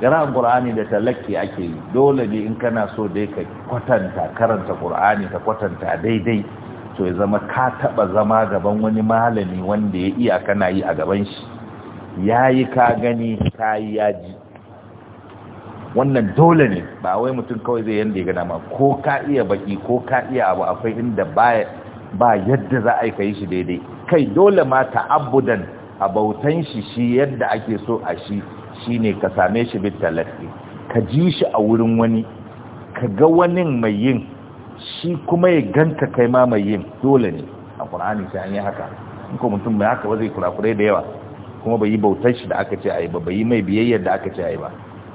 garan qur'ani da talakki ake yi dole ne in kana so dai ka kwatanta karanta qur'ani ka kwatanta daidai to ya zama ka taba zama gaban wani malami wanda ya iya kana yi a gaban shi yayi ka gani ka yi yaji wannan dole ne ba wai mutum kawai zai yanda ya gana ma ko ka iya baki ko ka iya abu akwai inda ba yadda za a yi kai shi daidai kai dole ma ta'abbudan a bautan shi shi yadda ake so a shi shi ne ka same shi bi ka ji shi a wurin wani ka ga wani mai yin shi kuma ya ganka kai ma mai yin dole ne a ƙwararri sai an yi haka in ko mutum mai haka ba zai kurakurai da yawa kuma bai yi bautar shi da aka ce a yi ba bai yi mai biyayyar da aka ce a yi ba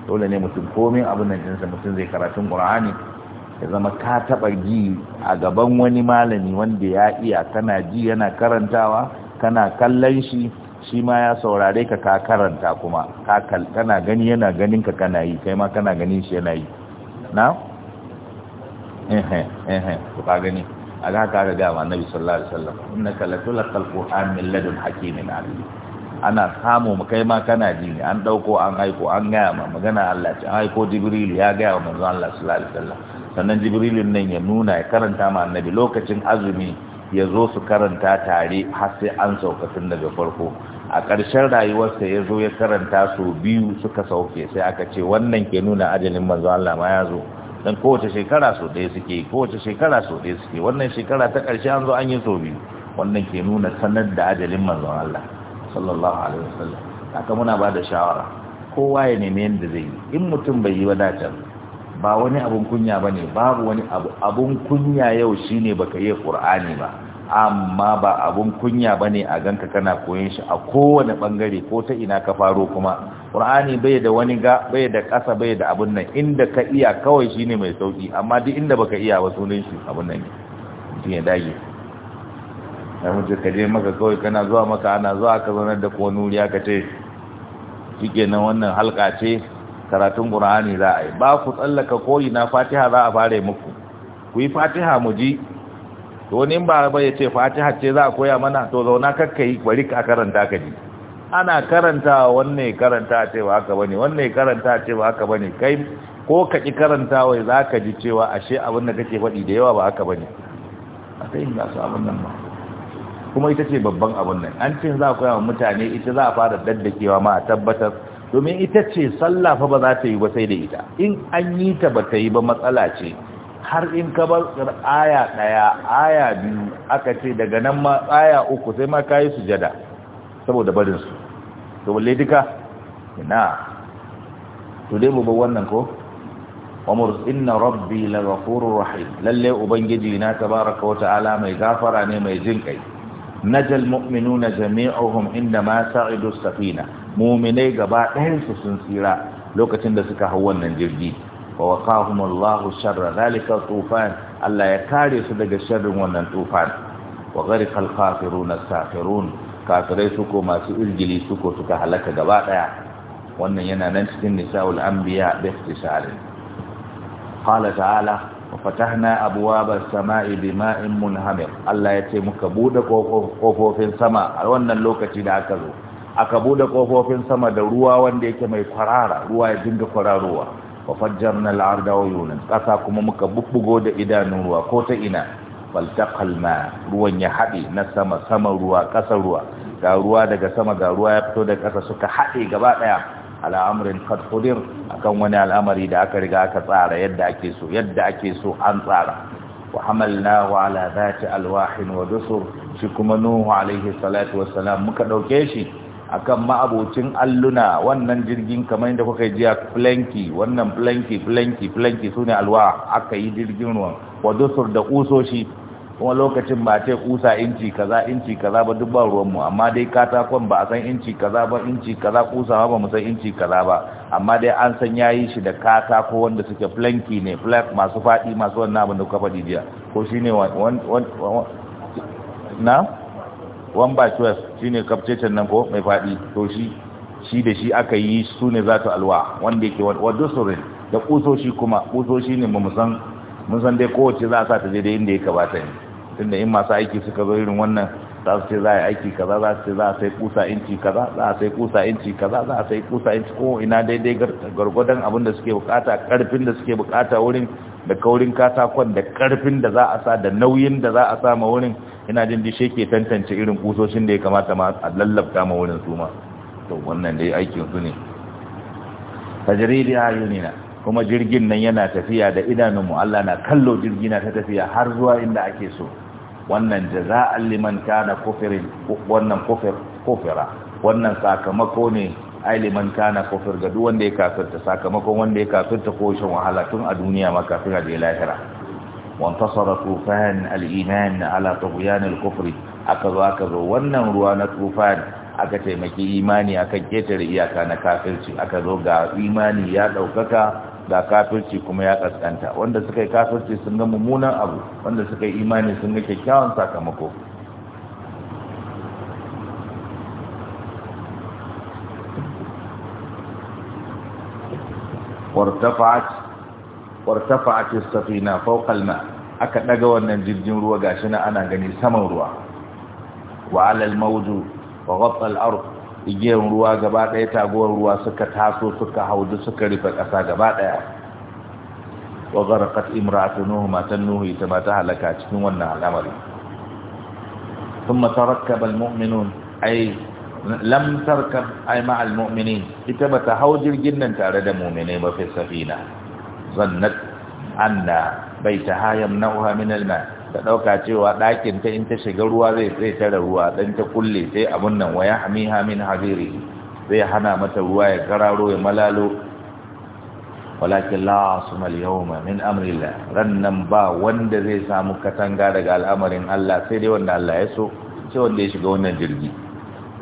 dole ne mutum komai abin nan ɗinsa mutum zai karatun ƙur'ani ya zama ka taɓa ji a gaban wani malami wanda ya iya kana ji yana karantawa kana kallon shi shi ma ya saurare ka ka karanta kuma kana gani yana ganin ka kana yi kai ma kana ganin shi yana yi na? ehe ehe ku ka gani a ka ga gama nabi sallallahu alaihi wasallam innaka latulqa alquran min ladun hakimin alim ana samu kai ma kana ji ne an dauko an aiko an gaya ma magana Allah ce an aiko Jibril ya gaya wa manzo Allah sallallahu alaihi wasallam sannan Jibril nan ya nuna ya karanta ma annabi lokacin azumi ya zo su karanta tare har sai an sauka tun daga farko a ƙarshen rayuwarsa ya zo ya karanta su biyu suka sauke sai aka ce wannan ke nuna ajalin manzo Allah ma ya zo dan kowace shekara so ɗaya suke kowace shekara so ɗaya suke wannan shekara ta ƙarshe an zo an yi so biyu wannan ke nuna sanar da ajalin manzon Allah sallallahu alaihi wasallam haka muna ba da shawara kowa ya neme yadda zai yi in mutum bai yi wadatar ba wani abun kunya ba ne babu wani abu abun kunya yau shine baka yi qur'ani ba amma ba abun kunya ba ne a ganka kana koyon shi a kowane bangare ko ta ina ka faro kuma Ƙur'ani bai da wani ga bai da ƙasa bai da abun nan inda ka iya kawai shine mai sauki amma duk inda baka iya ba sunan shi abun nan ne ya dage ya mace ka je maka kawai kana zuwa maka ana zuwa ka zanar da kuwa nuri aka ce shike nan wannan halka ce karatun ƙur'ani za a yi ba ku tsallaka koyi na fatiha za a fara muku ku yi fatiha mu ji to wani ba ba ya ce fatiha ce za a koya mana to zauna kakka yi bari ka karanta ka ji ana karanta wanne karanta ce ba haka bane wanne karanta ce ba haka bane kai ko ka ki karanta wai za ka ji cewa ashe abin da kake faɗi da yawa ba haka bane kai ina su abin nan ba kuma ita ce babban abun nan an ce za a koya wa mutane ita za a fara daddakewa ma a tabbatar domin ita ce sallah fa ba za ta yi ba sai da ita in an yi ta ba ta yi ba matsala ce har in ka bar aya daya aya biyu aka ce daga nan ma aya uku sai ma ka yi sujada saboda barin su to balle duka ina to dai mu ba wannan ko Umar inna rabbi ghafurur rahim lalle ubangiji na tabaraka wa ta'ala mai gafara ne mai jin kai najal mu'minuna jami'uhum inda ma sa'idu safina mu'minai gaba ɗayan su sun tsira lokacin da suka hau wannan jirgi wa waqahum Allahu sharra zalika tufan Allah ya kare su daga sharrin wannan tufan wa gharqa al-kafiruna safirun kafirai suko masu irgili suko suka halaka gaba ɗaya wannan yana nan cikin nisa'ul anbiya bi ikhtisarin qala ta'ala fatahna abwaba samai bima'in munhamir Allah ya ce muka bude kofofin sama a wannan lokaci da aka zo aka bude kofofin sama da ruwa wanda yake mai kwarara ruwa ya dinga kwararowa wa fajjarna al-arda uyunan kasa kuma muka bubbugo da idanun ruwa ko ta ina faltaqal ma ruwan ya haɗe na sama sama ruwa kasa ruwa ga ruwa daga sama ga ruwa ya fito da ƙasa suka haɗe gaba ɗaya. ala amrin a kan akan wani al'amari da aka riga aka tsara yadda ake so yadda ake so an tsara wa hamalnahu ala zati alwahin wa dusur shi kuma nuhu alaihi salatu wassalam muka ɗauke shi akan ma'abocin alluna wannan jirgin kamar yadda kuka ji jiya planki wannan planki planki planki sune alwa aka yi jirgin ruwan wadusur da kusoshi kuma lokacin ba ce kusa inci kaza inci kaza ba duk ba ruwanmu amma dai katakon ba a san inci kaza ba inci kaza kusa ba mu san inci kaza ba amma dai an san yayi shi da katako wanda suke flanki ne flak masu faɗi masu wannan abin da kuka faɗi jiya ko shine na one by twelve shine kafcecen nan ko mai faɗi to shi shi da shi aka yi su ne za ta alwa wanda yake wadda surin da kusoshi kuma kusoshi ne mu san mun san dai kowace za a sa ta je da inda ya kabata ne tunda in masu aiki suka zo irin wannan za su ce za a yi aiki kaza za su ce za a sai kusa inci kaza za a sai kusa inci kaza za a sai kusa inci ko ina daidai gargwadon abin da suke bukata karfin da suke bukata wurin da kaurin katakon da karfin da za a sa da nauyin da za a sa ma wurin ina jin dishe ke tantance irin kusoshin da ya kamata ma a lallabta ma wurin su ma to wannan dai aikin su ne tajridi ayunina kuma jirgin nan yana tafiya da idanunmu Allah na kallo jirgina ta tafiya har zuwa inda ake so wannan jaza'an liman kana kufirin wannan kufir kufira wannan sakamako ne ai liman kana kufir ga duk wanda ya kafirta sakamakon wanda ya kafirta ko shin wahala tun a duniya ma kafin a je lahira wantasara tufan al-iman ala tughyan al-kufr aka zo aka zo wannan ruwa na tufan aka taimaki imani akan ketare iyaka na kafirci aka zo ga imani ya daukaka da kafirci kuma ya kaskanta wanda suka yi kafirci sun ga mummunan abu wanda suka yi imani sun ga kyakkyawan sakamako wartafa'at as-safina fawqa al-ma aka daga wannan jirgin ruwa gashi na ana gani saman ruwa wa 'ala mawju wa ghatta al-ardh igiyar ruwa gaba ɗaya taguwar ruwa suka taso suka haudu suka rufe ƙasa gaba ɗaya wa gharqat imra'atu nuhu matan nuhu ita ma ta halaka cikin wannan al'amari Sun tarakkaba almu'minun ay lam tarkab ay ma ita ba ta hau jirgin nan tare da mu'minai ba fi safina zannat anna hayan yamna'uha min alma' ta ɗauka cewa ɗakin ta in ta shiga ruwa zai tsaye ruwa dan ta kulle sai abun nan waya hamiha min haziri zai hana mata ruwa ya kararo ya malalo walakin la asma al min amri rannan ba wanda zai samu katanga daga al'amarin Allah sai dai wanda Allah ya so sai wanda ya shiga wannan jirgi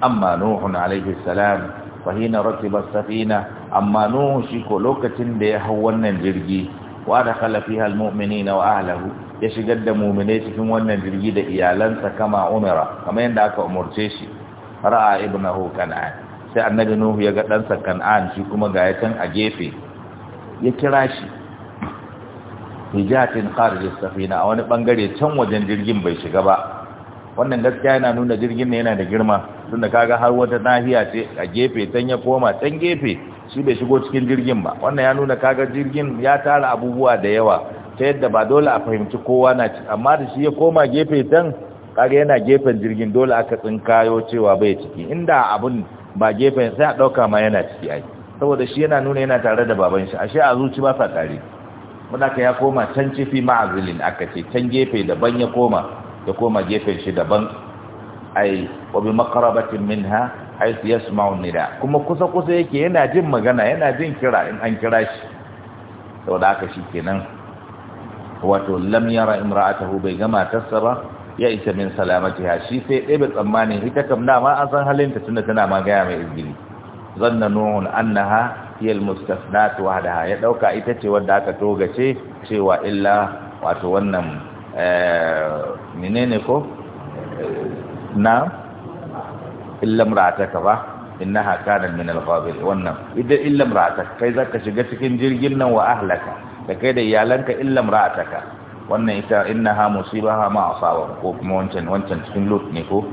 amma nuhun alaihi salam fa hina rakiba safina amma nuhu shi ko lokacin da ya hau wannan jirgi wa dakhala fiha al-mu'minina wa ahlihi ya shigar da muminai cikin wannan jirgi da iyalansa kama umara kamar yadda aka umarce shi ra'a ibnahu kan'an sai annabi nuhu ya ga ɗansa kan'an shi kuma ga ya can a gefe ya kira shi hijatin kharijis safina a wani bangare can wajen jirgin bai shiga ba wannan gaskiya yana nuna jirgin ne yana da girma tunda kaga har wata nahiya ce a gefe can ya koma can gefe shi bai shigo cikin jirgin ba wannan ya nuna kaga jirgin ya tara abubuwa da yawa ta yadda ba dole a fahimci kowa na ci amma da shi ya koma gefe can kaga yana gefen jirgin dole aka tsinkayo cewa bai ciki inda abun ba gefen sai a ɗauka ma yana ciki ai saboda shi yana nuna yana tare da baban shi ashe a zuci ba sa tare aka ya koma can cifi azulin aka ce can gefe daban ya koma ya koma gefen shi daban ai wa bi maqrabatin minha haythu yasma'u nida kuma kusa kusa yake yana jin magana yana jin kira in an kira shi saboda haka shikenan wato lam yara imra'atahu bai gama matarsa ba ya isa min salamatiha shi sai dai bai tsammani ita kam dama an san halin ta tunda tana ma gaya mai izgili zanna nuhun annaha hiya almustasnat wahdaha ya dauka ita ce wanda aka togace cewa illa wato wannan eh, menene ko na illa imra'ataka ba innaha kanat min al wannan idan illa imra'ataka kai zaka shiga cikin jirgin nan wa ahlaka da kai da iyalanka illa ra'ataka wannan ita innaha musibaha ma asaba ko kuma wancan wancan cikin lot ne ko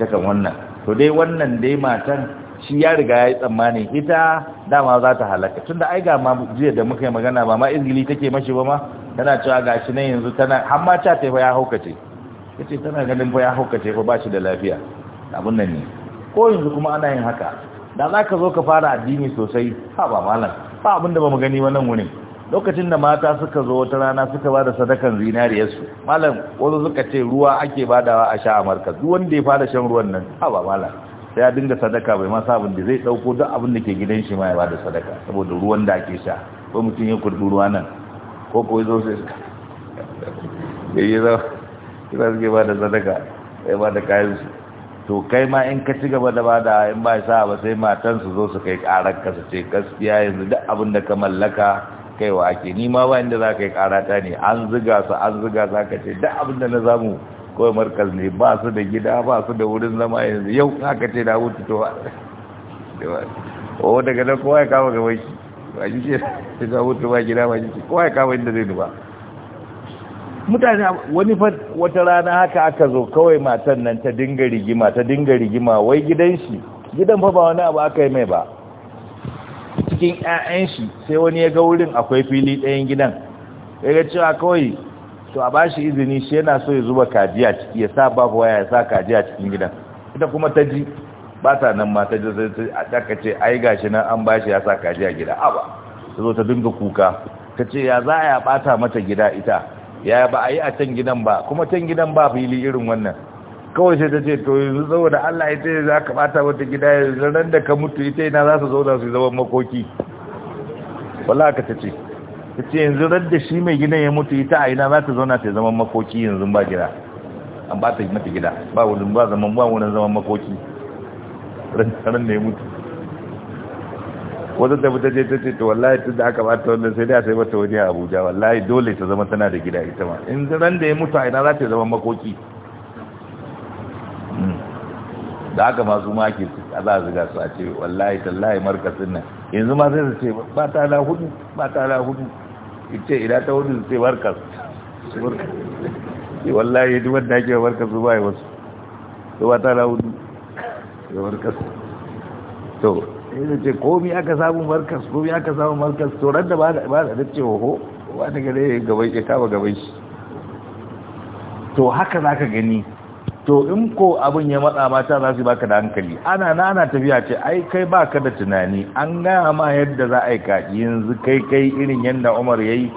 takan wannan to dai wannan dai matan shi ya riga ya yi tsammani ita dama za ta halaka tunda ai ga ma jiya da muka yi magana ba ma izgili take mashi ba ma tana cewa gashi nan yanzu tana har ma ta ta ya haukace kace tana ganin ba ya haukace ba shi da lafiya abun nan ne ko yanzu kuma ana yin haka da za ka zo ka fara addini sosai ha ba malam ba abin da ba mu gani wannan wurin lokacin da mata suka zo wata rana suka ba da sadakan zinariyarsu malam wasu suka ce ruwa ake badawa a sha a duk wanda ya fara shan ruwan nan haba malam sai ya dinga sadaka bai masa abin da zai dauko duk abin da ke gidan shi ma ya bada sadaka saboda ruwan da ake sha ko mutum ya kurdu ruwa nan ko ko zo sai ya yi zo kira suke bada sadaka ya bada kayan su to kai ma in ka ci gaba da da in ba sa ba sai matan su zo su kai karar ka su ce gaskiya yanzu duk abin da ka mallaka kaiwa ake ni ma ba inda za ka yi karata ne an ziga su an ziga za ka ce da abin da na zamu kawai markaz ne ba su da gida ba su da wurin zama yanzu yau za ka ce da wuce to o daga nan kowa ya kama gaban shi ba shi ce da wuce ba gida ba shi ce kowa ya kama inda zai duba mutane wani wata rana haka aka zo kawai matan nan ta dinga rigima ta dinga rigima wai gidan shi gidan fa ba wani abu aka yi mai ba cikin 'ya'yan shi sai wani ya ga wurin akwai fili ɗayan gidan ya ga cewa kawai to a bashi izini shi yana so ya zuba kajiya ciki ya sa babu waya ya sa kajiya cikin gidan ita kuma ta ji ba ta nan ma ta ji a taka ce ai shi nan an bashi ya sa kajiya gida a ba ta zo ta dinga kuka ta ce ya za a ya bata mata gida ita ya ba a yi a can gidan ba kuma can gidan ba fili irin wannan kawai sai ta ce to yanzu saboda Allah ita ne za ka bata wata gida yanzu ran da ka mutu ita ina za su zauna su zaman makoki wala ka tace ta ce yanzu ran da shi mai gidan ya mutu ita a ina za ta zauna ta zaman makoki yanzu ba gida an ba ta mata gida ba wurin ba zaman ba wurin zaman makoki ran da ya mutu wata tafi ta je ta ce to wallahi tun da aka bata wannan sai dai a sai mata wani a Abuja wallahi dole ta zama tana da gida ita ma in ran da ya mutu a ina za ta zaman makoki da haka masu maki a za su gasu a ce wallahi tallahi markasin nan yanzu ma sai su ce ba ta la hudu ba ta la hudu ce idan ta hudu su ce markas wallahi duk wanda ake wa markas su bai wasu to ba ta la hudu da markas to yanzu ce komi aka samu markas komi aka samu markas to ran da ba da wa ho wani gare gaban ya kama gaban shi to haka za ka gani to in ko abin ya matsa mata za su baka da hankali ana nana tafiya ce ai kai baka da tunani an gaya ma yadda za a yi ka yanzu kai kai irin yadda umar ya yi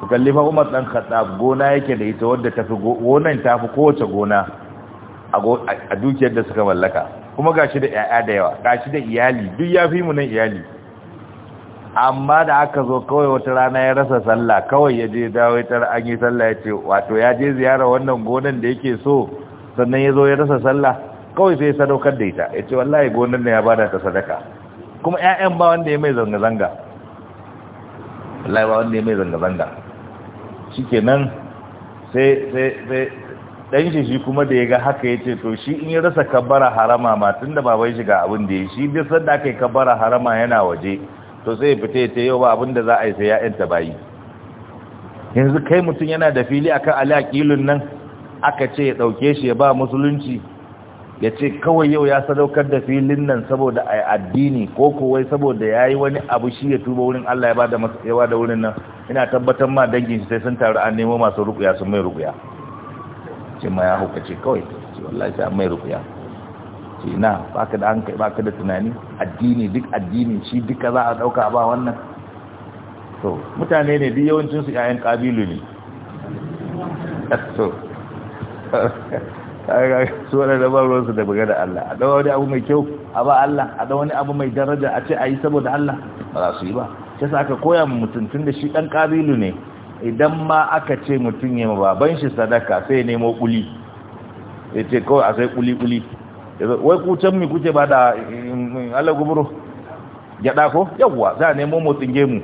ku kallifa umar dan khattab gona yake da ita wadda tafi gonan tafi kowace gona a dukiyar da suka mallaka kuma gashi da 'ya'ya da yawa gashi da iyali duk ya fi mu nan iyali amma da aka zo kawai wata rana ya rasa sallah kawai ya je dawo ya an yi sallah ya ce wato ya je ziyara wannan gonan da yake so sannan ya zo ya rasa sallah kawai sai ya sadaukar da ita ya ce wallahi gonar da ya bada ta sadaka kuma 'ya'yan ba wanda ya mai zanga-zanga wallahi ba wanda ya mai zanga-zanga shi nan sai ɗan shi shi kuma da ya ga haka ya ce to shi in ya rasa kabbara harama ma tun da baban shiga abin da ya shi duk sanda aka yi kabbara harama yana waje to sai ya fita ya ce yau ba abin da za a yi sai ta bayi yanzu kai mutum yana da fili akan alaƙilun nan aka ce ya ɗauke shi ya ba musulunci ya ce kawai yau ya sadaukar da filin nan saboda a addini ko kowai saboda ya yi wani abu shi ya tuba wurin Allah ya bada yawa da wurin nan ina tabbatar ma dangin shi sai sun taru an nemo masu rukuya sun mai rukuya ce ma ya hauka ce kawai ce wallahi sai mai rukuya ce na baka da hankali baka da tunani addini duk addini shi duka za a dauka ba wannan to mutane ne duk yawancin su ƴaƴan kabilu ne su waɗanda ba da buga da Allah a ɗawa wani abu mai kyau a ba Allah a ɗawa wani abu mai daraja a ce a yi saboda Allah ba za su yi ba ta sa aka koya mu mutum tun da shi ɗan ƙabilu ne idan ma aka ce mutum ya baban shi sadaka sai ya nemo ƙuli ya ce kawai a sai ƙuli-ƙuli wai kucan mi kuke ba da Allah gyaɗa ko yawwa za a nemo motsin gemu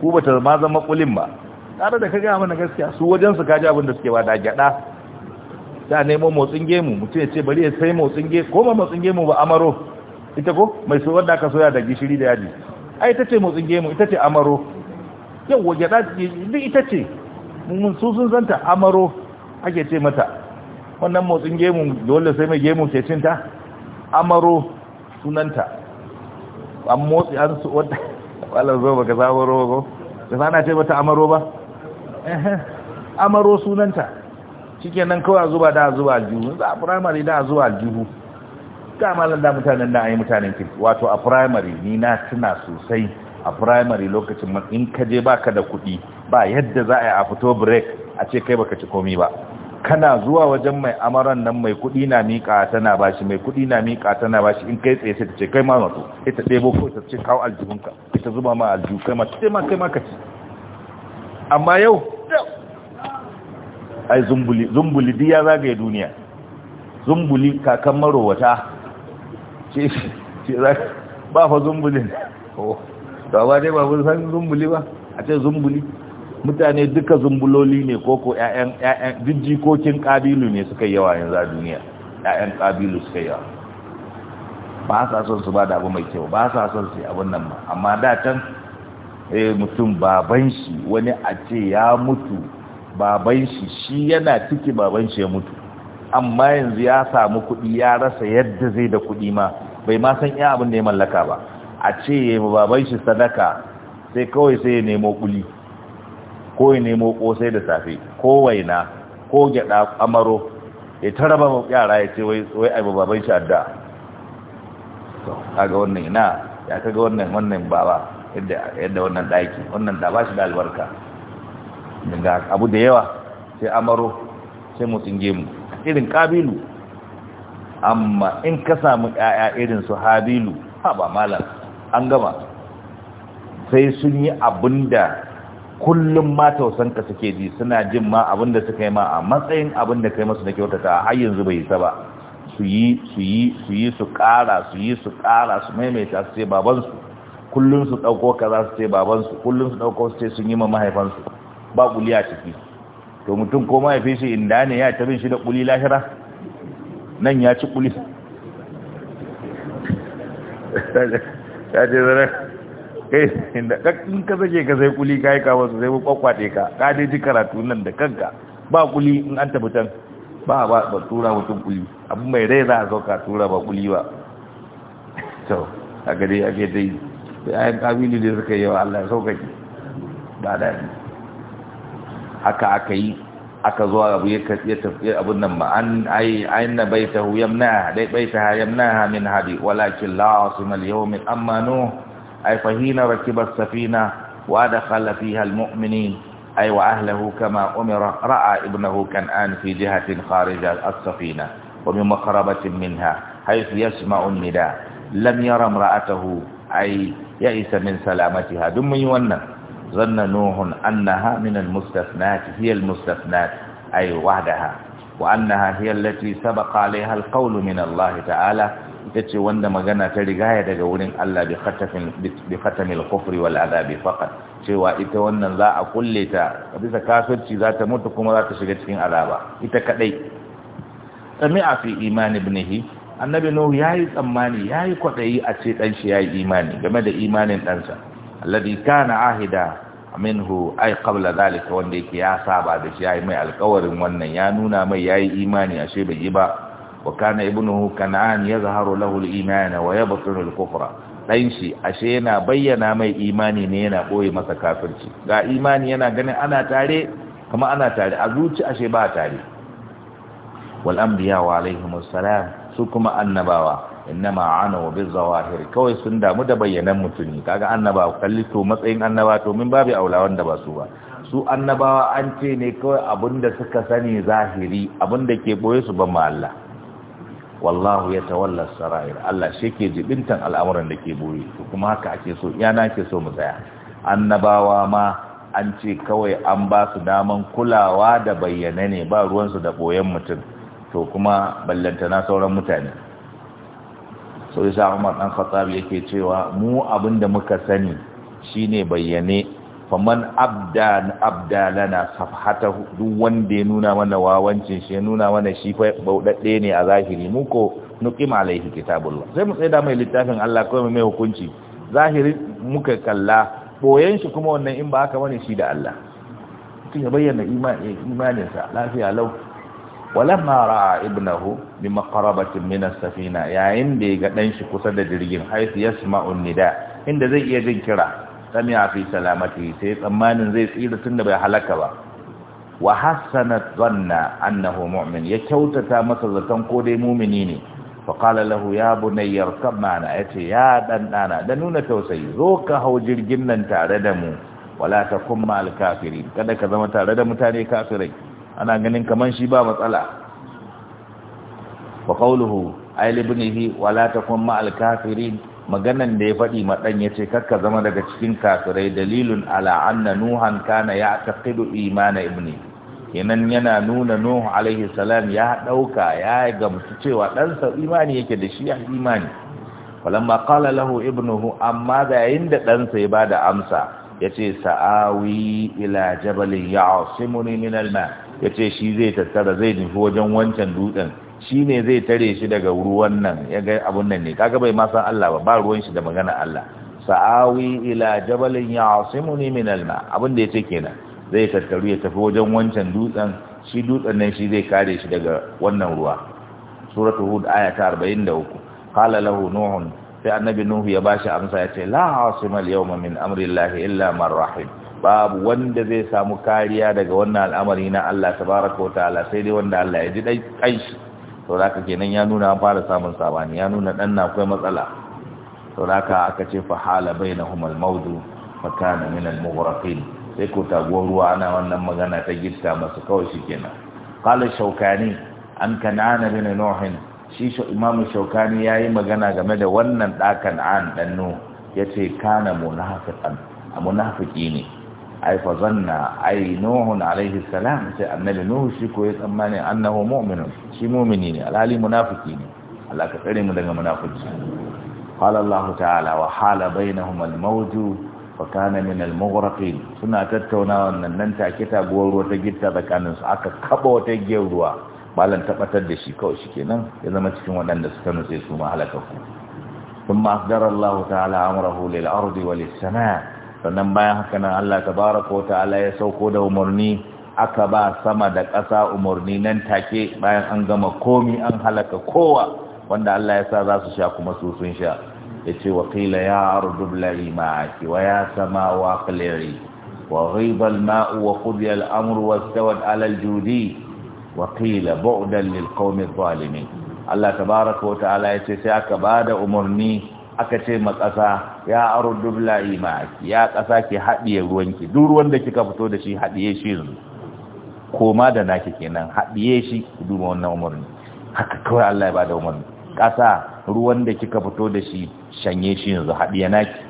ku ba ta ma zama ƙulin ba tare da ka gaya mana gaskiya su wajen ka kaji abin da suke ba da gyaɗa ta nemo motsin gemu mutum ya ce bari ya sai motsin gemu ko ba motsin gemu ba amaro ita ko mai so wanda aka soya da gishiri da yaji ai ita ce motsin gemu ita ce amaro yau waje duk ita ce mun su sun zanta amaro ake ce mata wannan motsin gemu dole sai mai gemu ke cinta amaro sunanta an motsi an su wanda wala zo baka samu ko da sana ce mata amaro ba amaro sunanta nan kawai zuba da zuwa aljihu za a primary da zuba aljihu ta malam da mutanen da yi mutanen kirki wato a primary ni na tuna sosai a primary lokacin man in ka je baka da kuɗi ba yadda za a yi a fito break a ce kai baka ci komi ba kana zuwa wajen mai amaran nan mai kuɗi na miƙa tana bashi mai kuɗi na miƙa tana bashi in kai tsaye sai ta ce kai ma wato ita ɗebo ko ita ce kawo aljihunka ita zuba ma aljihu kai ma kai ma kai ma ka ci amma yau ai zumbuli zumbuli duk ya zagaye duniya zumbuli kakan marowata ce ce ba fa zumbulin oh, to ba dai ba mun san zumbuli ba a ce zumbuli mutane duka zumbuloli ne ko ko ƴaƴan ƴaƴan jijjikokin kabilu ne suka yawa yanzu a duniya ƴaƴan kabilu suka yawa ba sa son su ba da abu mai kyau ba sa son su abun nan ma amma da can eh mutum baban shi wani a ce ya mutu baban shi shi yana ciki baban shi ya mutu amma yanzu ya samu kuɗi ya rasa yadda zai da kuɗi ma bai ma san iya abin da ya mallaka ba a ce ya ma baban shi sadaka sai kawai sai ya nemo kuli ko ya nemo kosai da safe ko waina ko gyaɗa amaro ya taraba yara ya ce wai ai baban shi adda kaga wannan ina ya kaga wannan wannan baba yadda wannan daki wannan da ba shi da albarka daga abu da yawa sai amaro sai mutum gemu irin kabilu amma in ka samu ƴaƴa irin su habilu ha ba malam an gama sai sun yi abin kullum ma ka suke ji suna jin ma abin da suka yi ma a matsayin abin da kai masu na kyautata har yanzu bai ba su yi su yi su yi su kara su yi su kara su maimaita su ce babansu kullum su ɗauko kaza su ce babansu kullum su ɗauko su ce sun yi ma mahaifansu ba kuli a ciki to mutum ko ma ya fi shi inda ne ya tabin shi da kuli lahira nan ya ci kuli ya ce zara kai inda kakkin ka zage ka sai kuli ka yi kawo su sai mu kwakwate ka ka dai ji karatu nan da kanka ba kuli in an tafi can ba ba ba tura mutum kuli abu mai rai za a sauka tura ba kuli ba to a gari ake dai da ayan kabili da suka yi wa Allah ya sauƙaƙi ba daɗi haka aka yi aka zo abu ya tafi abun nan ba an ai aina baitahu yamna dai baitaha yamnaha min hadi walakin la asima al-yawm ay fahina rakiba safina wa dakhala fiha al-mu'minin ay wa ahlihi kama umira ra'a ibnahu kan'an fi jihatin kharija as-safina wa bi makhrabatin minha haythu yasma'u an-nida lam yara imra'atahu ay ya'isa min salamatiha dum yi wannan ظن نوح أنها من المستثنات هي المستثنات أي وحدها وأنها هي التي سبق عليها القول من الله تعالى تتشي وند مغانا تلقاية تقولين ألا بختم الكفر والعذاب فقط cewa ita wannan za a kulle ta bisa kafirci za ta mutu kuma za ta shiga cikin azaba ita kadai sami'a fi imani ibnihi annabi nuhu yayi tsammani yayi kwadayi a ce ɗanshi ya yi imani game da imanin ɗansa alladhi kana ahida minhu ai qabla zalika wanda yake ya saba da shi yayi mai alƙawarin wannan ya nuna mai yayi imani ashe bai yi ba wa kana ibnuhu kana'an yazharu lahu al-iman wa yabtinu al-kufra dan shi ashe yana bayyana mai imani ne yana boye masa kafirci ga imani yana ganin ana tare kuma ana tare a zuci ashe ba tare wal anbiya wa alaihim salam su kuma annabawa innama ana wa bizawahir kawai sun damu da bayyanan mutuni kaga annaba kallito matsayin annaba to min babu aula wanda ba su ba su annabawa an ce ne kawai abinda suka sani zahiri abinda ke boye su ban ma Allah wallahu ya tawalla sarair Allah shi ke jibintan al'amuran da ke boye kuma haka ake so iya ke so mu tsaya annabawa ma an ce kawai an ba su daman kulawa da bayyana ne ba ruwansu da boyen mutum to kuma ballantana sauran mutane sau isa umar ɗan khattab yake cewa mu abin da muka sani shine bayyane faman abda abda lana safhata duk wanda ya nuna mana wawancin shi ya nuna mana shi fa baudadde ne a zahiri mu ko nuqim alaihi kitabullah sai mu da mai littafin Allah ko mai hukunci zahiri muka kalla boyen shi kuma wannan in ba haka bane shi da Allah ya bayyana imaninsa lafiya lau walamma ra'a ibnahu bi maqrabatin min as-safina yayin da ya ga dan shi kusa da jirgin haythu yasma'u nida inda zai iya jin kira sami'a fi salamati sai tsammanin zai tsira tunda bai halaka ba wa hassanat dhanna annahu mu'min ya kyautata masa zaton ko dai mu'mini ne fa qala lahu ya bunayya irkab mana yace ya dan dana da nuna tausayi zo ka hau jirgin nan tare da mu wala takum ma'al kafirin kada ka zama tare da mutane kafirai ana ganin kaman shi ba matsala wa qawluhu ay ibnihi wa la takun ma'al kafirin maganan da ya faɗi maɗan yace ce kakka zama daga cikin kafirai dalilun ala anna nuhan kana ya taqidu imana ibni kenan yana nuna nuhu alaihi salam ya ɗauka ya gamsu cewa ɗansa imani yake da shi imani falamma qala lahu ibnuhu amma da yayin da ɗansa ya bada amsa yace sa'awi ila jabalin ya'simuni min al-ma ya ce shi zai tattara zai nufi wajen wancan dutsen shi ne zai tare shi daga ruwan nan ya ga abun nan ne kaga bai ma san Allah ba ba ruwan shi da magana Allah sa'awi ila jabalin ya'simuni min alma Abun da yace kenan zai tattaru ya tafi wajen wancan dutsen shi dutsen nan shi zai kare shi daga wannan ruwa suratul hud aya ta 43 qala lahu nuhun sai annabi nuhu ya bashi amsa yace la asima al-yawma min amri illa man rahim babu wanda zai samu kariya daga wannan al'amari na Allah tabaraka wa ta'ala sai dai wanda Allah ya ji dai kanshi to haka kenan ya nuna an fara samun sabani ya nuna dan na akwai matsala to haka aka ce fa hala bainahum al-mawdu fa kana min al-mughraqin sai ko taguwar ruwa ana wannan magana ta gitta masu kawai shikenan qala shaukani an kanana bin nuhin shi imamu shaukani yayi magana game da wannan dakan an dan nu yace kana munafiqan a ne Aifa zanna ai nuhun alaihi salam sai annabi nuhu shi ko ya tsammani annahu mu'minun shi mu'mini ne alhali munafiki ne Allah ka tsare mu daga munafiki qala Allah ta'ala wa hala bainahum al-mawj fa kana min al-mughraqin suna tattauna wannan nan take ta ruwa ta gitta tsakanin su aka kaba wata giyar ruwa balan tabbatar da shi kawai shikenan ya zama cikin waɗanda suka nutse su ma halakaku ثم أقدر الله تعالى أمره للأرض وللسماء sannan bayan haka nan Allah tabaraka wa ta'ala ya sauko da umarni aka ba sama da ƙasa umarni nan take bayan an gama komi an halaka kowa wanda Allah ya sa za su sha kuma su sun sha yace wa qila ya ardu blari ma'aki wa ya sama wa qliri wa ghiba al-ma'u wa qudiya al-amru wastawat 'ala al-judi wa qila bu'dan lil qawmi adh-dhalimin Allah tabaraka wa ta'ala yace sai aka ba da umarni aka ce ma ƙasa ya aro dubla ima ya ƙasa ke haɗiye ruwanki duk ruwan da kika fito da shi haɗiye shi yanzu koma da naki kenan haɗiye shi ku duba wannan umarni haka kawai Allah ya bada umarni ƙasa ruwan da kika fito da shi shanye shi yanzu haɗiye naki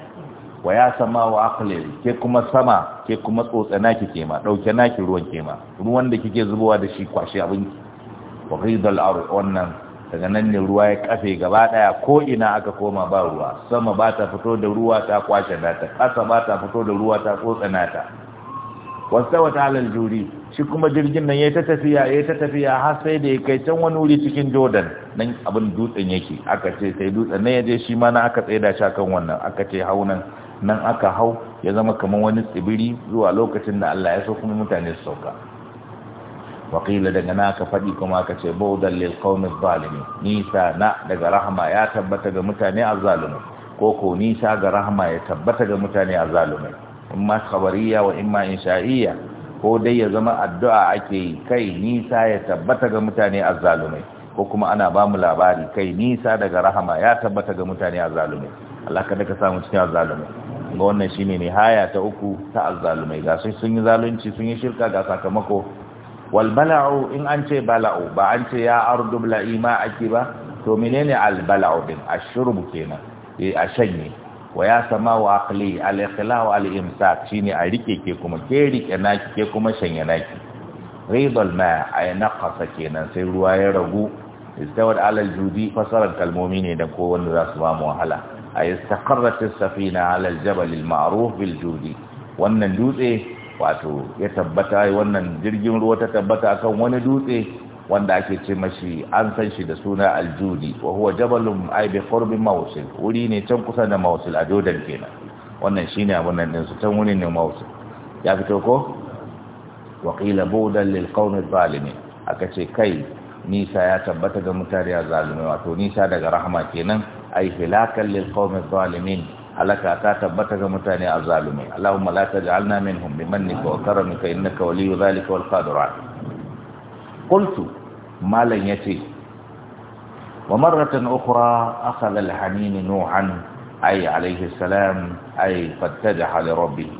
wa ya sama wa aqli ke kuma sama ke kuma tsotsa naki ke ma dauke naki ruwan ke ma ruwan da kike zubowa da shi kwashi abinki wa ghidal ar wannan daga nan ne ruwa ya kafe gaba daya ko ina aka koma ba ruwa sama ba ta fito da ruwa ta kwashe nata ƙasa ba ta fito da ruwa ta kotsana nata wasta wata alal juri shi kuma jirgin nan ya ta tafiya ya ta tafiya har sai da ya kai can wani wuri cikin jordan nan abin dutsen yake aka ce sai dutsen nan ya je shi ma na aka tsaida shi kan wannan aka ce hau nan nan aka hau ya zama kamar wani tsibiri zuwa lokacin da allah ya so kuma mutane su sauka waƙila daga na faɗi kuma ka ce baudan lil qaumiz zalimi nisa na daga rahama ya tabbata ga mutane azzalimi ko ko nisa ga rahama ya tabbata ga mutane azzalimi imma khabariya wa in insha'iyya ko dai ya zama addu'a ake yi kai nisa ya tabbata ga mutane azzalimi ko kuma ana ba mu labari kai nisa daga rahama ya tabbata ga mutane azzalimi Allah ka daka samu cikin azzalimi ga wannan shine ne haya ta uku ta azzalumai ga sun yi zalunci sun yi shirka ga sakamako wal bala'u in an ce bala'u ba an ce ya ardu bla'i ma ake ba to menene al bala'u a shiru kenan eh a shanye wa ya sama wa aqli al Al'imsa, shine a rike ke kuma ke rike naki ke kuma shanye naki ridal ma yi naqasa kenan sai ruwa ya ragu istawad ala al judi fasaran kalmomi ne da ko za su ba mu wahala a istaqarrat as-safina alal al-jabal maruf bil judi wannan dutse wato ya tabbata wannan jirgin ruwa ta tabbata akan wani dutse wanda ake ce mashi an san shi da suna aljudi wa huwa jabalun ay bi mawsil wuri ne can kusa da mawsil a jordan kenan wannan shine abun nan din su can wuri ne mawsil ya fito ko wa qila budan lil qawmi zalimi aka kai nisa ya tabbata ga mutane zalimi wato nisa daga rahama kenan ai hilakan lil qawmi zalimin alaka ta tabbata ga mutane azzalumai Allahumma la taj'alna minhum bimannika wa karamika innaka waliyyu dhalika wal qadir qultu malan yace wa marratan ukhra akhadha al hanin nuhan ay alayhi salam ay fattajaha li rabbih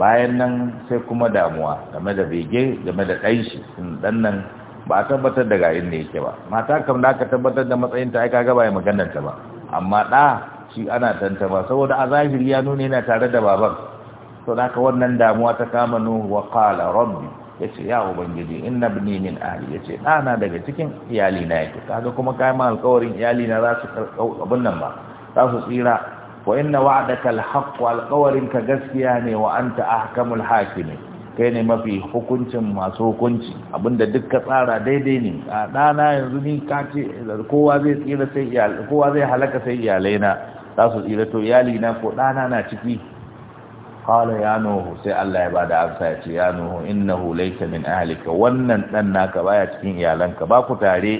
bayan nan sai kuma damuwa game da bege game da kanshi dan nan ba a tabbatar daga inda yake ba mata kam da aka tabbatar da matsayinta ta ai kaga maganarta maganar ta ba amma da shi ana tantama saboda a zahiri ya nuna yana tare da baban to haka wannan damuwa ta kama nuhu wa qala rabbi yace ya ubangiji inna ibni min ahli yace dana daga cikin iyali na yake kaga kuma kai ma alƙawarin iyali na za su karɓo abin nan ba za su tsira wa inna wa'daka alhaq wa alƙawarin ka gaskiya ne wa anta ahkamul hakimi kai ne mafi hukuncin masu hukunci abinda duk ka tsara daidai ne a dana yanzu ni ka kowa zai tsira sai iyali kowa zai halaka sai iyalai na za su tsira to iyali na ko ɗana na ciki qala ya nuhu sai Allah ya bada amsa ya ce ya nuhu innahu laysa min ahlika wannan ɗan naka baya cikin iyalanka ba ku tare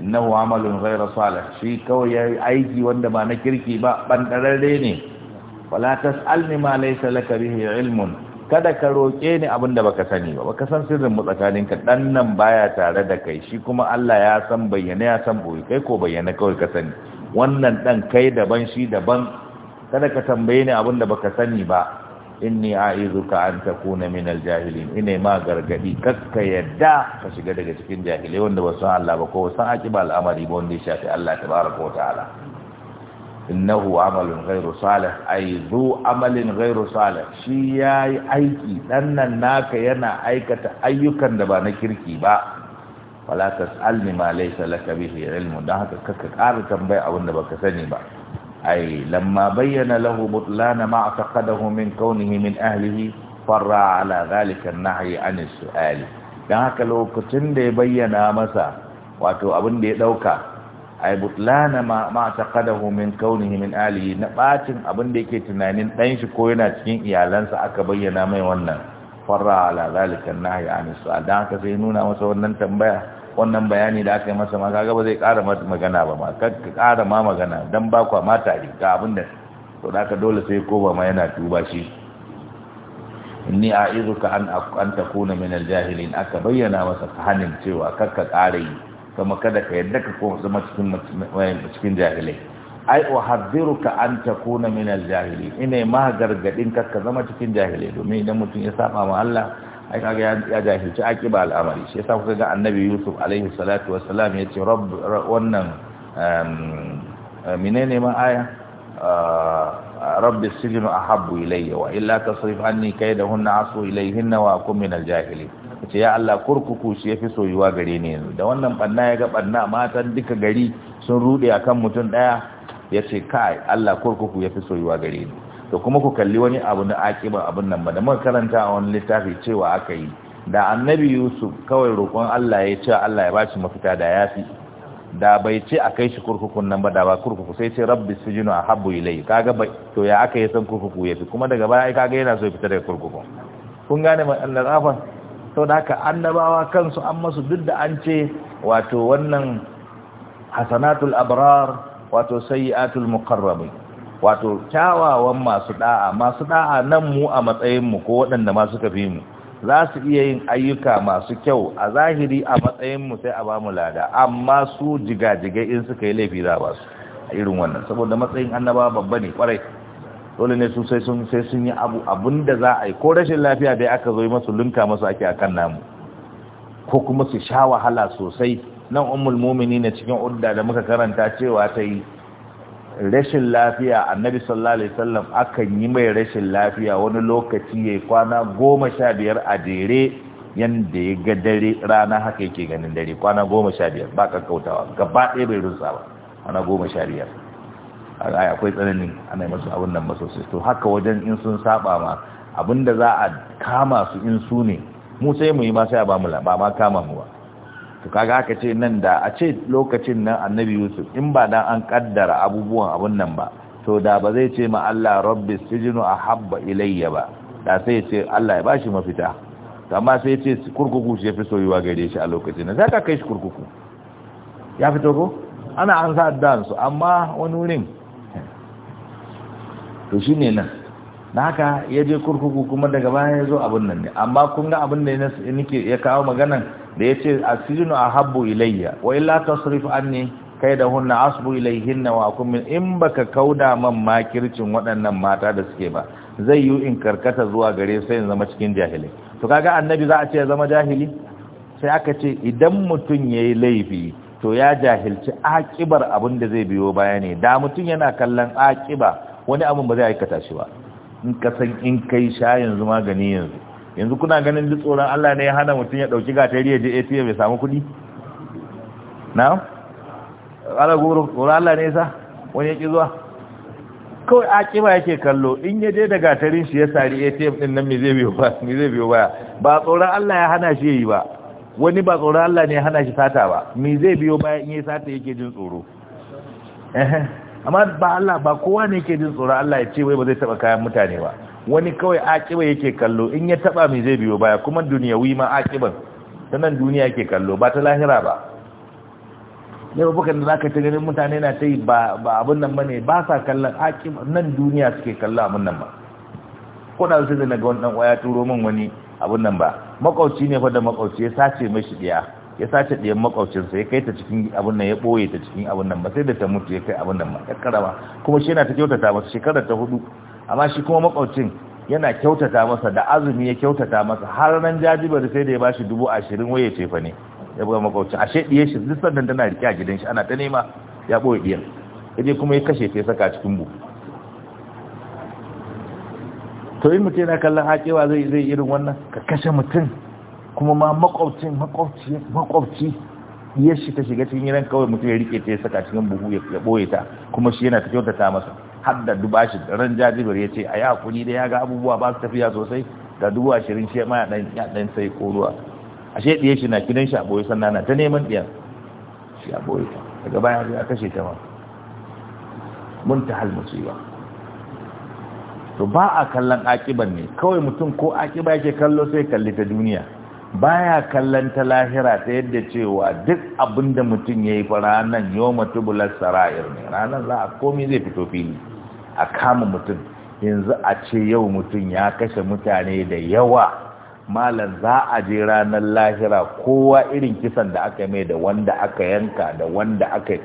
innahu amalun ghayra salih shi kawai yayi aiki wanda ba na kirki ba bandararre ne wala tasalni ma laysa laka bihi ilmun kada ka roke ni da baka sani ba baka san sirrin mu tsakaninka dan nan baya tare da kai shi kuma Allah ya san bayyana ya san boye kai ko bayyana kawai ka sani wannan ɗan kai daban shi daban kada ka tambaye ni abin da baka sani ba inni a'izuka an takuna min aljahilin ina ma gargadi kakka yadda ka shiga daga cikin jahilai wanda ba san Allah ba ko san akiba al'amari ba wanda ya shafi Allah tabaraka wa ta'ala innahu amalun ghairu salih ay zu amalin ghairu salih shi yayi aiki dan nan naka yana aikata ayyukan da ba na kirki ba wala tas'alni ma laysa laka bihi ilmu dan haka kaka ƙara tambaya abin da baka sani ba ai lamma bayyana lahu butlana ma taqadahu min kaunihi min ahlihi farra ala zalika an-nahy an sual dan haka lokacin da ya bayyana masa wato abin da ya dauka ai butlana ma ma taqadahu min kaunihi min ahlihi na bacin abin da yake tunanin dan shi ko yana cikin iyalansa aka bayyana mai wannan farra ala zalika nahyi an su'al dan haka sai nuna masa wannan tambaya wannan bayani da aka yi masa ma kaga ba zai ƙara magana ba ma ka ƙara ma magana dan ba kwa ma tare ga abin to da ka dole sai ko ba ma yana tuba shi inni a'izuka an an takuna min aljahilin jahilin aka bayyana masa hanin cewa ka ƙara yi kuma kada ka yadda ka koma zama cikin cikin jahilai ai uhaddiruka an takuna min al-jahili ina ma gargadin ka zama cikin jahili domin idan mutum ya saba ma Allah ai kaga ya jahilci akiba al'amari shi yasa kuka ga annabi Yusuf alaihi salatu wassalam yace rabb wannan minene ma aya ah, ah, rabbi sijnu ahabbu ilayya wa illa tasrif anni kaydahunna asu ilayhinna wa akum min al-jahilin ce ya Allah kurkuku shi yafi soyuwa gare ni yanzu da wannan banna ya ga banna matan duka gari sun rude akan mutum daya ya ce kai Allah kurkuku ya fi soyuwa gare ni to kuma ku kalli wani abu na akiba abin nan ba da muka karanta a wani littafi cewa aka yi da annabi yusuf kawai roƙon Allah ya ce Allah ya bashi mafita da yafi da bai ce a kai shi kurkukun nan ba da ba kurkuku sai ce rabbi sujinu a habbu ilai kaga bai to ya aka yi san kurkuku ya fi kuma daga baya kaga yana so ya fita daga kurkukun kun gane mai annabafan sau da haka annabawa kansu an masu duk da an ce wato wannan hasanatul abrar wato sayyi'atul muqarrabin wato kyawawan masu da'a masu da'a nan mu a matsayin mu ko waɗanda ma suka fi mu za su iya yin ayyuka masu kyau a zahiri a matsayin mu sai a ba mu lada amma su jigajigai in suka yi laifi za ba su a irin wannan saboda matsayin annaba babba ne kwarai dole ne su sai sun sai sun yi abu abinda za a yi ko rashin lafiya dai aka zo yi masu lunka masu ake akan namu ko kuma su sha wahala sosai nan umul mumini na cikin udda da muka karanta cewa ta yi rashin lafiya annabi sallallahu alaihi wasallam akan yi mai rashin lafiya wani lokaci ya kwana goma sha biyar a dare yanda ya ga dare rana haka yake ganin dare kwana goma sha biyar ba kakkautawa gaba ɗaya bai rusa ba kwana goma sha biyar a akwai tsananin ana yi masu abin nan masosai to haka wajen in sun saba ma abin da za a kama su in su ne mu sai mu yi ma sai a ba mu ba ma kama mu ba to kaga aka ce nan da a ce lokacin nan annabi yusuf in ba dan an kaddara abubuwan abun nan ba to da ba zai ce ma Allah rabbi sijinu ahabba ilayya ba da sai ce Allah ya bashi mafita amma sai ce kurkuku shi ya fi soyuwa gare shi a lokacin nan zaka kai shi kurkuku ya fito ko ana an sa dan su amma wani wurin to shine nan da haka ya je kurkuku kuma daga baya ya zo abin nan ne amma kun ga abin da nake ya kawo maganan da ya ce asijinu a habbu ilayya wa illa an ne? kai da hunna asbu ilayhinna wa akum in baka kauda man makircin waɗannan mata da suke ba zai yi in karkata zuwa gare sai in zama cikin jahili to kaga annabi za a ce ya zama jahili sai aka ce idan mutum ya yi laifi to ya jahilci akibar abin da zai biyo baya ne da mutum yana kallon akiba wani abin ba zai aikata shi ba in ka san in kai sha yanzu magani yanzu yanzu kuna ganin duk tsoron Allah ne ya hana mutum ya dauki gatari ya je ATM ya samu kuɗi na Allah goro goro Allah ne sa wani yake zuwa kawai akiba yake kallo in ya je da gatarin shi ya sari ATM din nan me zai biyo ba me zai biyo ba ba tsoron Allah ya hana shi yi ba wani ba tsoron Allah ne ya hana shi sata ba me zai biyo ba in ya sata yake jin tsoro eh amma ba Allah ba kowa ne yake jin tsoron Allah ya ce wai ba zai taba kayan mutane ba wani kawai akiba yake kallo in ya taba mai zai biyo baya kuma duniyawi ma akiban ta nan duniya yake kallo ba ta lahira ba ne ba bukan da ka ta ganin mutane na ta yi ba abin nan ne ba sa kallon akiba nan duniya suke kallo abin nan ba ko da sai da ga wani ɗan waya turo min wani abin nan ba makwauci ne fa da makwauci ya sace mai shi ya sace ɗiyan makwabcinsa ya kai ta cikin abin nan ya ɓoye ta cikin abin nan ba sai da ta mutu ya kai abin nan ba ya ba kuma shi yana ta kyautata masa shekarar ta hudu amma shi kuma makwabcin yana kyautata masa da azumi ya kyautata masa har nan jajibar sai da ya bashi dubu ashirin waye ce fa ne ya buga makwabcin ashe ɗiye shi duk sannan tana riƙe a gidan shi ana ta nema ya ɓoye ɗiyan ya je kuma ya kashe ta ya saka cikin buhu to in mutum yana kallon haƙewa zai zai irin wannan ka kashe mutum kuma ma makwabcin makwabci ya shi ta shiga cikin gidan kawai mutum ya rike ta ya saka cikin buhu ya boye ta kuma shi yana ta kyautata masa har da duba shi ran jajibar ya ce a yi hakuri da ya ga abubuwa ba su tafiya sosai ga dubu ashirin shi ma ya ɗan sai koruwa ashe ɗiye shi na gidan shi a boye sannan na ta neman ɗiyar shi a boye ta daga baya ya kashe ta ma mun ta hal musiba to ba a kallon akiban ne kawai mutum ko akiba yake kallo sai kalli ta duniya baya kallon ta lahira ta yadda cewa duk abin da mutum ya yi fa ranar yau matubular sara'ir ne ranar za a komi zai fito fili a kama mutum yanzu a ce yau mutum ya kashe mutane da yawa malam za a je ranar lahira kowa irin kisan da aka mai da wanda aka yanka da wanda aka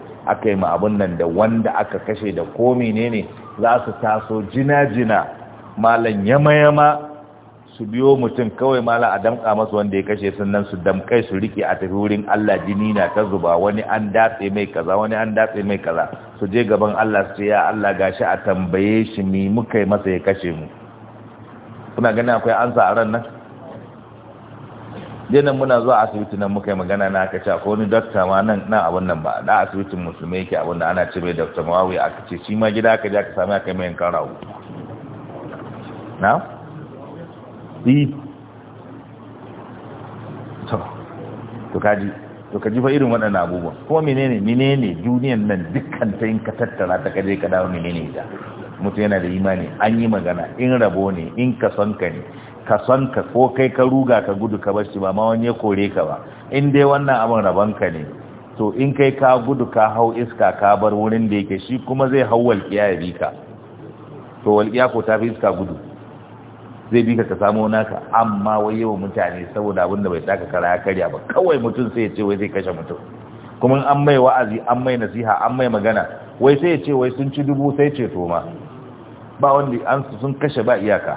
yi ma abin nan da wanda aka kashe da komi ne ne za su taso jina-jina malam yama-yama su biyo mutum kawai mala a damƙa masu wanda ya kashe sannan su damƙai su rike a tafi wurin Allah jini na ta zuba wani an datse mai kaza wani an datse mai kaza su je gaban Allah su ce ya Allah gashi a tambaye shi mi muka yi masa ya kashe mu kuna ganin akwai ansa a ran nan jinan muna zuwa asibiti nan muka yi magana na aka ce akwai wani dokta ma nan na abun nan ba na asibitin musulmi yake abun da ana ce mai dokta mawawi aka ce shi ma gida aka je aka sami aka mai yankan rawu na yi to kaji to kaji fa irin waɗannan abubuwan ko menene menene duniyan nan dukkan ta yin ka tattara ta kaje ka dawo menene ita mutum yana da imani an yi magana in rabo ne in ka son ka ne ka son ka ko kai ka ruga ka gudu ka bashi ba ma wani ya kore ka ba in dai wannan abin rabon ka ne to in kai ka gudu ka hau iska ka bar wurin da yake shi kuma zai hau walƙiya ya bi ka to walƙiya ko ta fi iska gudu zai bi ka ka samo naka amma wai yawan mutane saboda abinda bai taka kara ya karya ba kawai mutum sai ya ce wai zai kashe mutum kuma an mai wa'azi an mai nasiha an mai magana wai sai ya ce wai sun ci dubu sai ce to ma ba wanda an sun kashe ba iyaka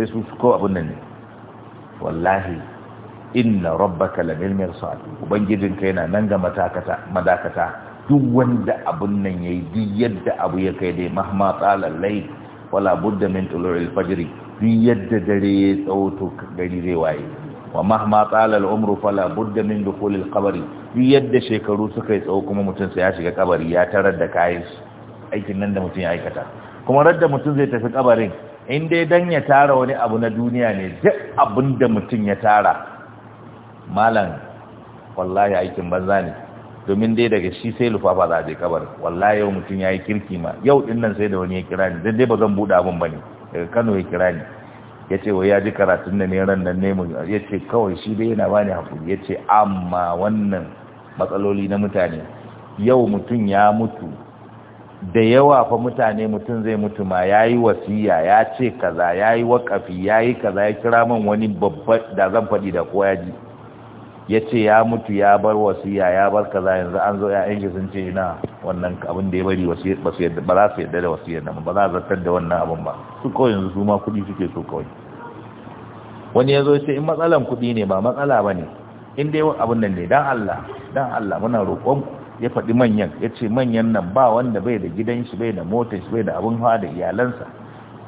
sai su ko abin nan ne wallahi inna rabbaka lamil mirsad ubangijinka yana nan ga matakata madakata duk wanda abun nan yayi duk yadda abu ya kai dai mahma tsalal layl wala budda min tulu'il fajr yadda dare ya gari zai waye wa mahma tsala al'umru fala budda min dukhulil qabri yadda shekaru suka yi tsawo kuma mutum sai ya shiga kabari ya tarar da kayan aikin nan da mutum ya aikata kuma radda mutum zai tafi kabarin in dai dan ya tara wani abu na duniya ne duk abin da mutum ya tara malam wallahi aikin banza ne domin dai daga shi sai lufafa za a je kabar wallahi yau mutum ya yi kirki ma yau din nan sai da wani ya kira ni dai ba zan buɗe abin ba ne daga kano ya kira ni ya ce wai ya ji karatun da ne ran nan ne ya ce kawai shi dai yana bani hakuri ya ce amma wannan matsaloli na mutane yau mutum ya mutu da yawa fa mutane mutum zai mutu ma ya yi wasiya ya ce kaza ya yi wakafi ya yi kaza ya kira man wani babba da zan faɗi da kowa ya ji ya ce ya mutu ya bar wasiya ya bar kaza yanzu an zo ya'yan shi sun ce na wannan abin da ya bari ba za su yadda da wasiyar nan ba za a zartar da wannan abin ba su kawai yanzu su ma kuɗi suke so kawai wani ya zo ce in matsalan kudi ne ba matsala ba ne in dai abin nan ne dan Allah dan Allah muna roƙon ya faɗi manyan ya ce manyan nan ba wanda bai da gidan shi bai da motar shi bai da abin hawa da iyalansa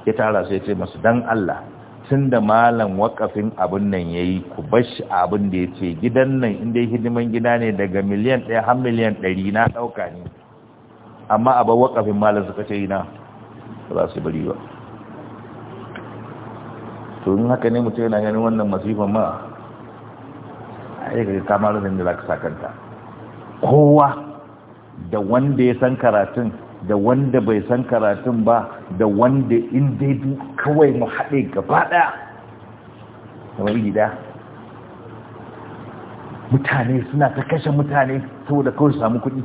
ya tara su ya ce masu dan Allah tun da malam wakafin abin nan ya yi ku bashi abin da ya ce gidan nan inda hidiman gida ne daga miliyan ɗaya har miliyan ɗari na ɗauka ne amma abin wakafin malam suka ce yana ba za su bari ba to yin haka ne mutum yana ganin wannan masifan ma a yi ga kamar da za ka sakanta kowa da wanda ya san karatun da wanda bai san karatun ba da wanda in dai kawai mu haɗe gaba ɗaya kamar gida mutane suna ta kashe mutane saboda kawai samu kuɗi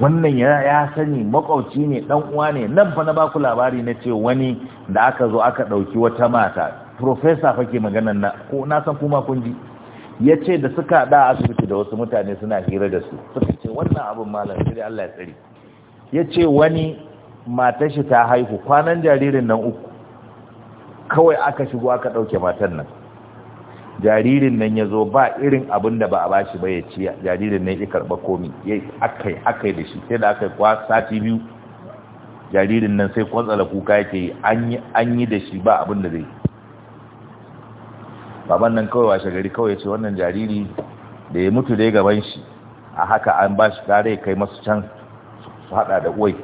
wannan ya sani makwauci ne dan uwa ne nan fa na baku labari na ce wani da aka zo aka ɗauki wata mata profesa fake maganan na ko na san kuma kun ji ya ce da suka da asibiti da wasu mutane suna hira da su suka ce wannan abin malam sai Allah ya tsari ya ce wani matar shi ta haihu kwanan jaririn nan uku kawai aka shigo aka ɗauke matan nan jaririn nan ya zo ba irin abin da ba a bashi ba ya ci jaririn nan ya karɓa komi ya akai akai da shi sai da aka kwa sati biyu jaririn nan sai kwatsala kuka yake an yi da shi ba abin da zai baban nan kawai washe gari kawai ya ce wannan jariri da ya mutu dai gaban shi a haka an ba shi kare kai masu can su hada da uwai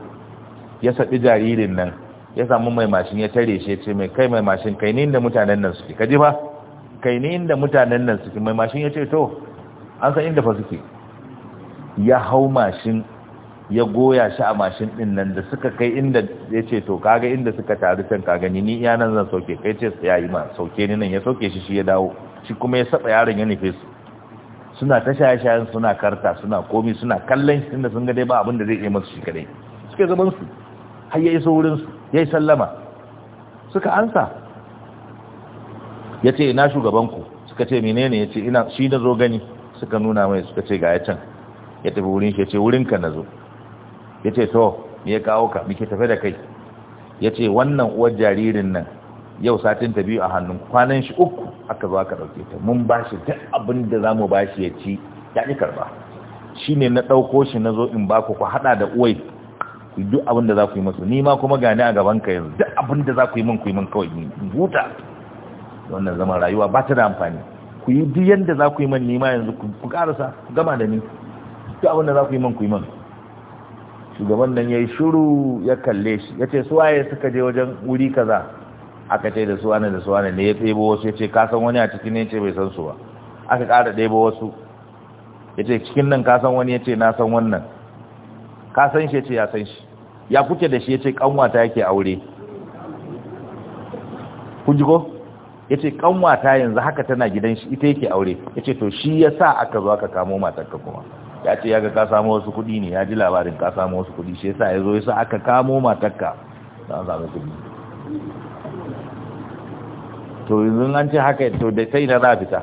ya saɓi jaririn nan ya samu mai mashin ya tare shi ya ce mai kai mai mashin kai ni inda mutanen nan suke kaji ba kai ni inda mutanen nan suke mai mashin ya ce to an san inda fa suke ya hau mashin ya goya shi a mashin din nan da suka kai inda ya ce to kaga inda suka taru can ka gani ni iya nan zan sauke kai ce ya yi ma sauke ni nan ya sauke shi shi ya dawo shi kuma ya saba yaron ya nufe su suna ta shaye-shayen suna karta suna komi suna kallon shi inda sun ga dai ba abin da zai iya masu shi kadai suke zaman su har ya iso wurin su ya yi sallama suka ansa ya ce ina shugaban ku suka ce menene ya ce ina shi da zo gani suka nuna mai suka ce ga ya can ya tafi wurin shi ya ce wurinka na zo ya ce to me ya kawo ka muke tafe da kai ya ce wannan uwar jaririn nan yau satin ta biyu a hannun kwanan shi uku aka zo aka ɗauke ta mun ba shi duk abin da za mu ba shi ya ci ya ƙi karɓa shi ne na ɗauko shi na zo in ba ku ku haɗa da uwai ku duk abin da za ku yi masu ni ma kuma gani a gaban ka yanzu duk abin da za ku yi min ku yi min kawai in huta wannan zaman rayuwa ba ta da amfani ku yi duk yanda za ku yi min ni ma yanzu ku ƙarasa ku gama da ni duk abin da za ku yi min ku yi min shugaban nan ya yi shiru ya kalle shi ya su waye suka je wajen wuri kaza aka ce da su da su ne ya tsebo wasu ya ce kasan wani a cikin ne ce bai san su ba aka ƙara ɗebo wasu ya ce cikin nan kasan wani ya ce na san wannan ka san shi ce ya san shi ya kuke da shi ya ce kanwata yake aure kun ji ko yace kanwata yanzu haka tana gidan shi ita yake aure ya ce to shi ya sa aka zo aka kamo matar ka kuma ya ce ya ga ka samu wasu kuɗi ne ya ji labarin ka samu wasu kuɗi shi yasa ya zo sa aka kamo matakka da an samu kudi to yanzu an ce haka to da sai na za fita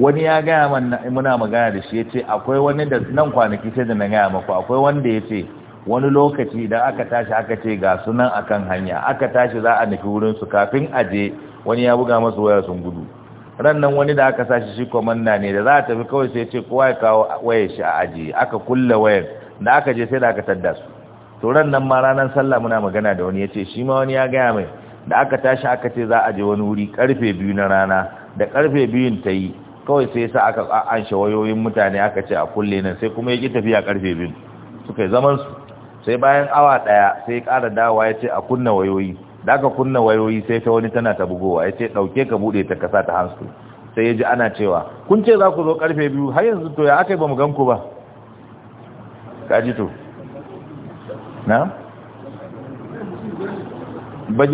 wani ya gaya muna magana da shi ya ce akwai wani da nan kwanaki sai da na gaya maku akwai wanda ya ce wani lokaci idan aka tashi aka ce ga sunan akan hanya aka tashi za a nufi wurinsu kafin aje wani ya buga masu waya sun gudu rannan wani da aka sashi shi komanda ne da za a tafi kawai sai ce kowa ya kawo wayar shi a aji aka kulle wayar da aka je sai da aka tadda su to rannan ma ranar sallah muna magana da wani ya ce shi ma wani ya gaya mai da aka tashi aka ce za a je wani wuri karfe biyu na rana da karfe biyun ta yi kawai sai sa aka anshe wayoyin mutane aka ce a kulle nan sai kuma ya ki tafiya karfe biyu suka yi zaman su sai bayan awa ɗaya, sai ya kara dawa ya ce a kunna wayoyi da aka kunna wayoyi sai ta wani tana ta bugowa ya ce ɗauke ka buɗe ta kasa ta hansu sai ya ji ana cewa kun ce za ku zo karfe biyu har yanzu to ya aka yi ba mu gan ku ba ji to na? ba.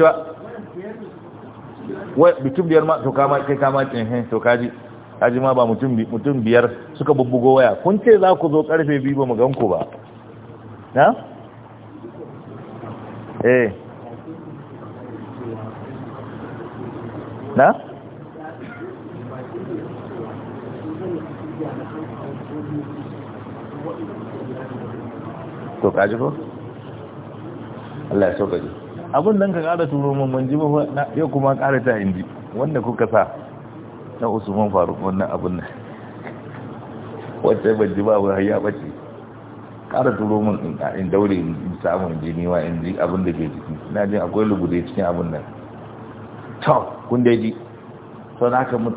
wai mutum biyar ma to kama kai kama cin eh, to kaji kaji ma ba mutum biyar suka bubbugo waya kun ce za ku zo karfe biyu ba mu gan ku ba na? eh na to kaji ko Allah ya ji abin nan ka ƙara turo mun ji ba yau kuma ƙara ta inji wanda kuka sa na Usman Faruk wannan abin nan wacce ban ji ba ba ya bace ƙara turo mun in daure in samu jini wa in ji abin da ke jiki na ji akwai lugude cikin abin nan to kun dai ji sau da haka mu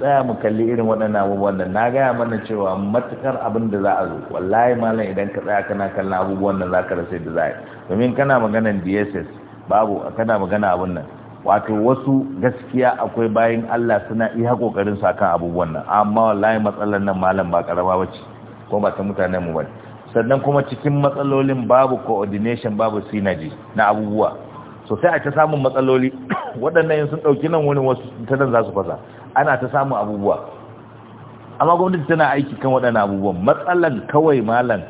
tsaya mu kalli irin waɗannan abubuwan da na gaya mana cewa matukar abin da za a zo wallahi malam idan ka tsaya kana kallon abubuwan da za ka rasa da za a domin kana maganan dss babu kana magana abin nan wato wasu gaskiya akwai bayan allah suna iya kokarin su akan abubuwan nan amma wallahi matsalar nan malam ba karama ba ce ko ba ta mutanen mu ba sannan kuma cikin matsalolin babu coordination babu synergy na abubuwa so sai a ta samun matsaloli waɗannan yin sun ɗauki nan wani wasu ta za su fasa ana ta samun abubuwa amma gwamnati tana aiki kan waɗannan abubuwan matsalan kawai malan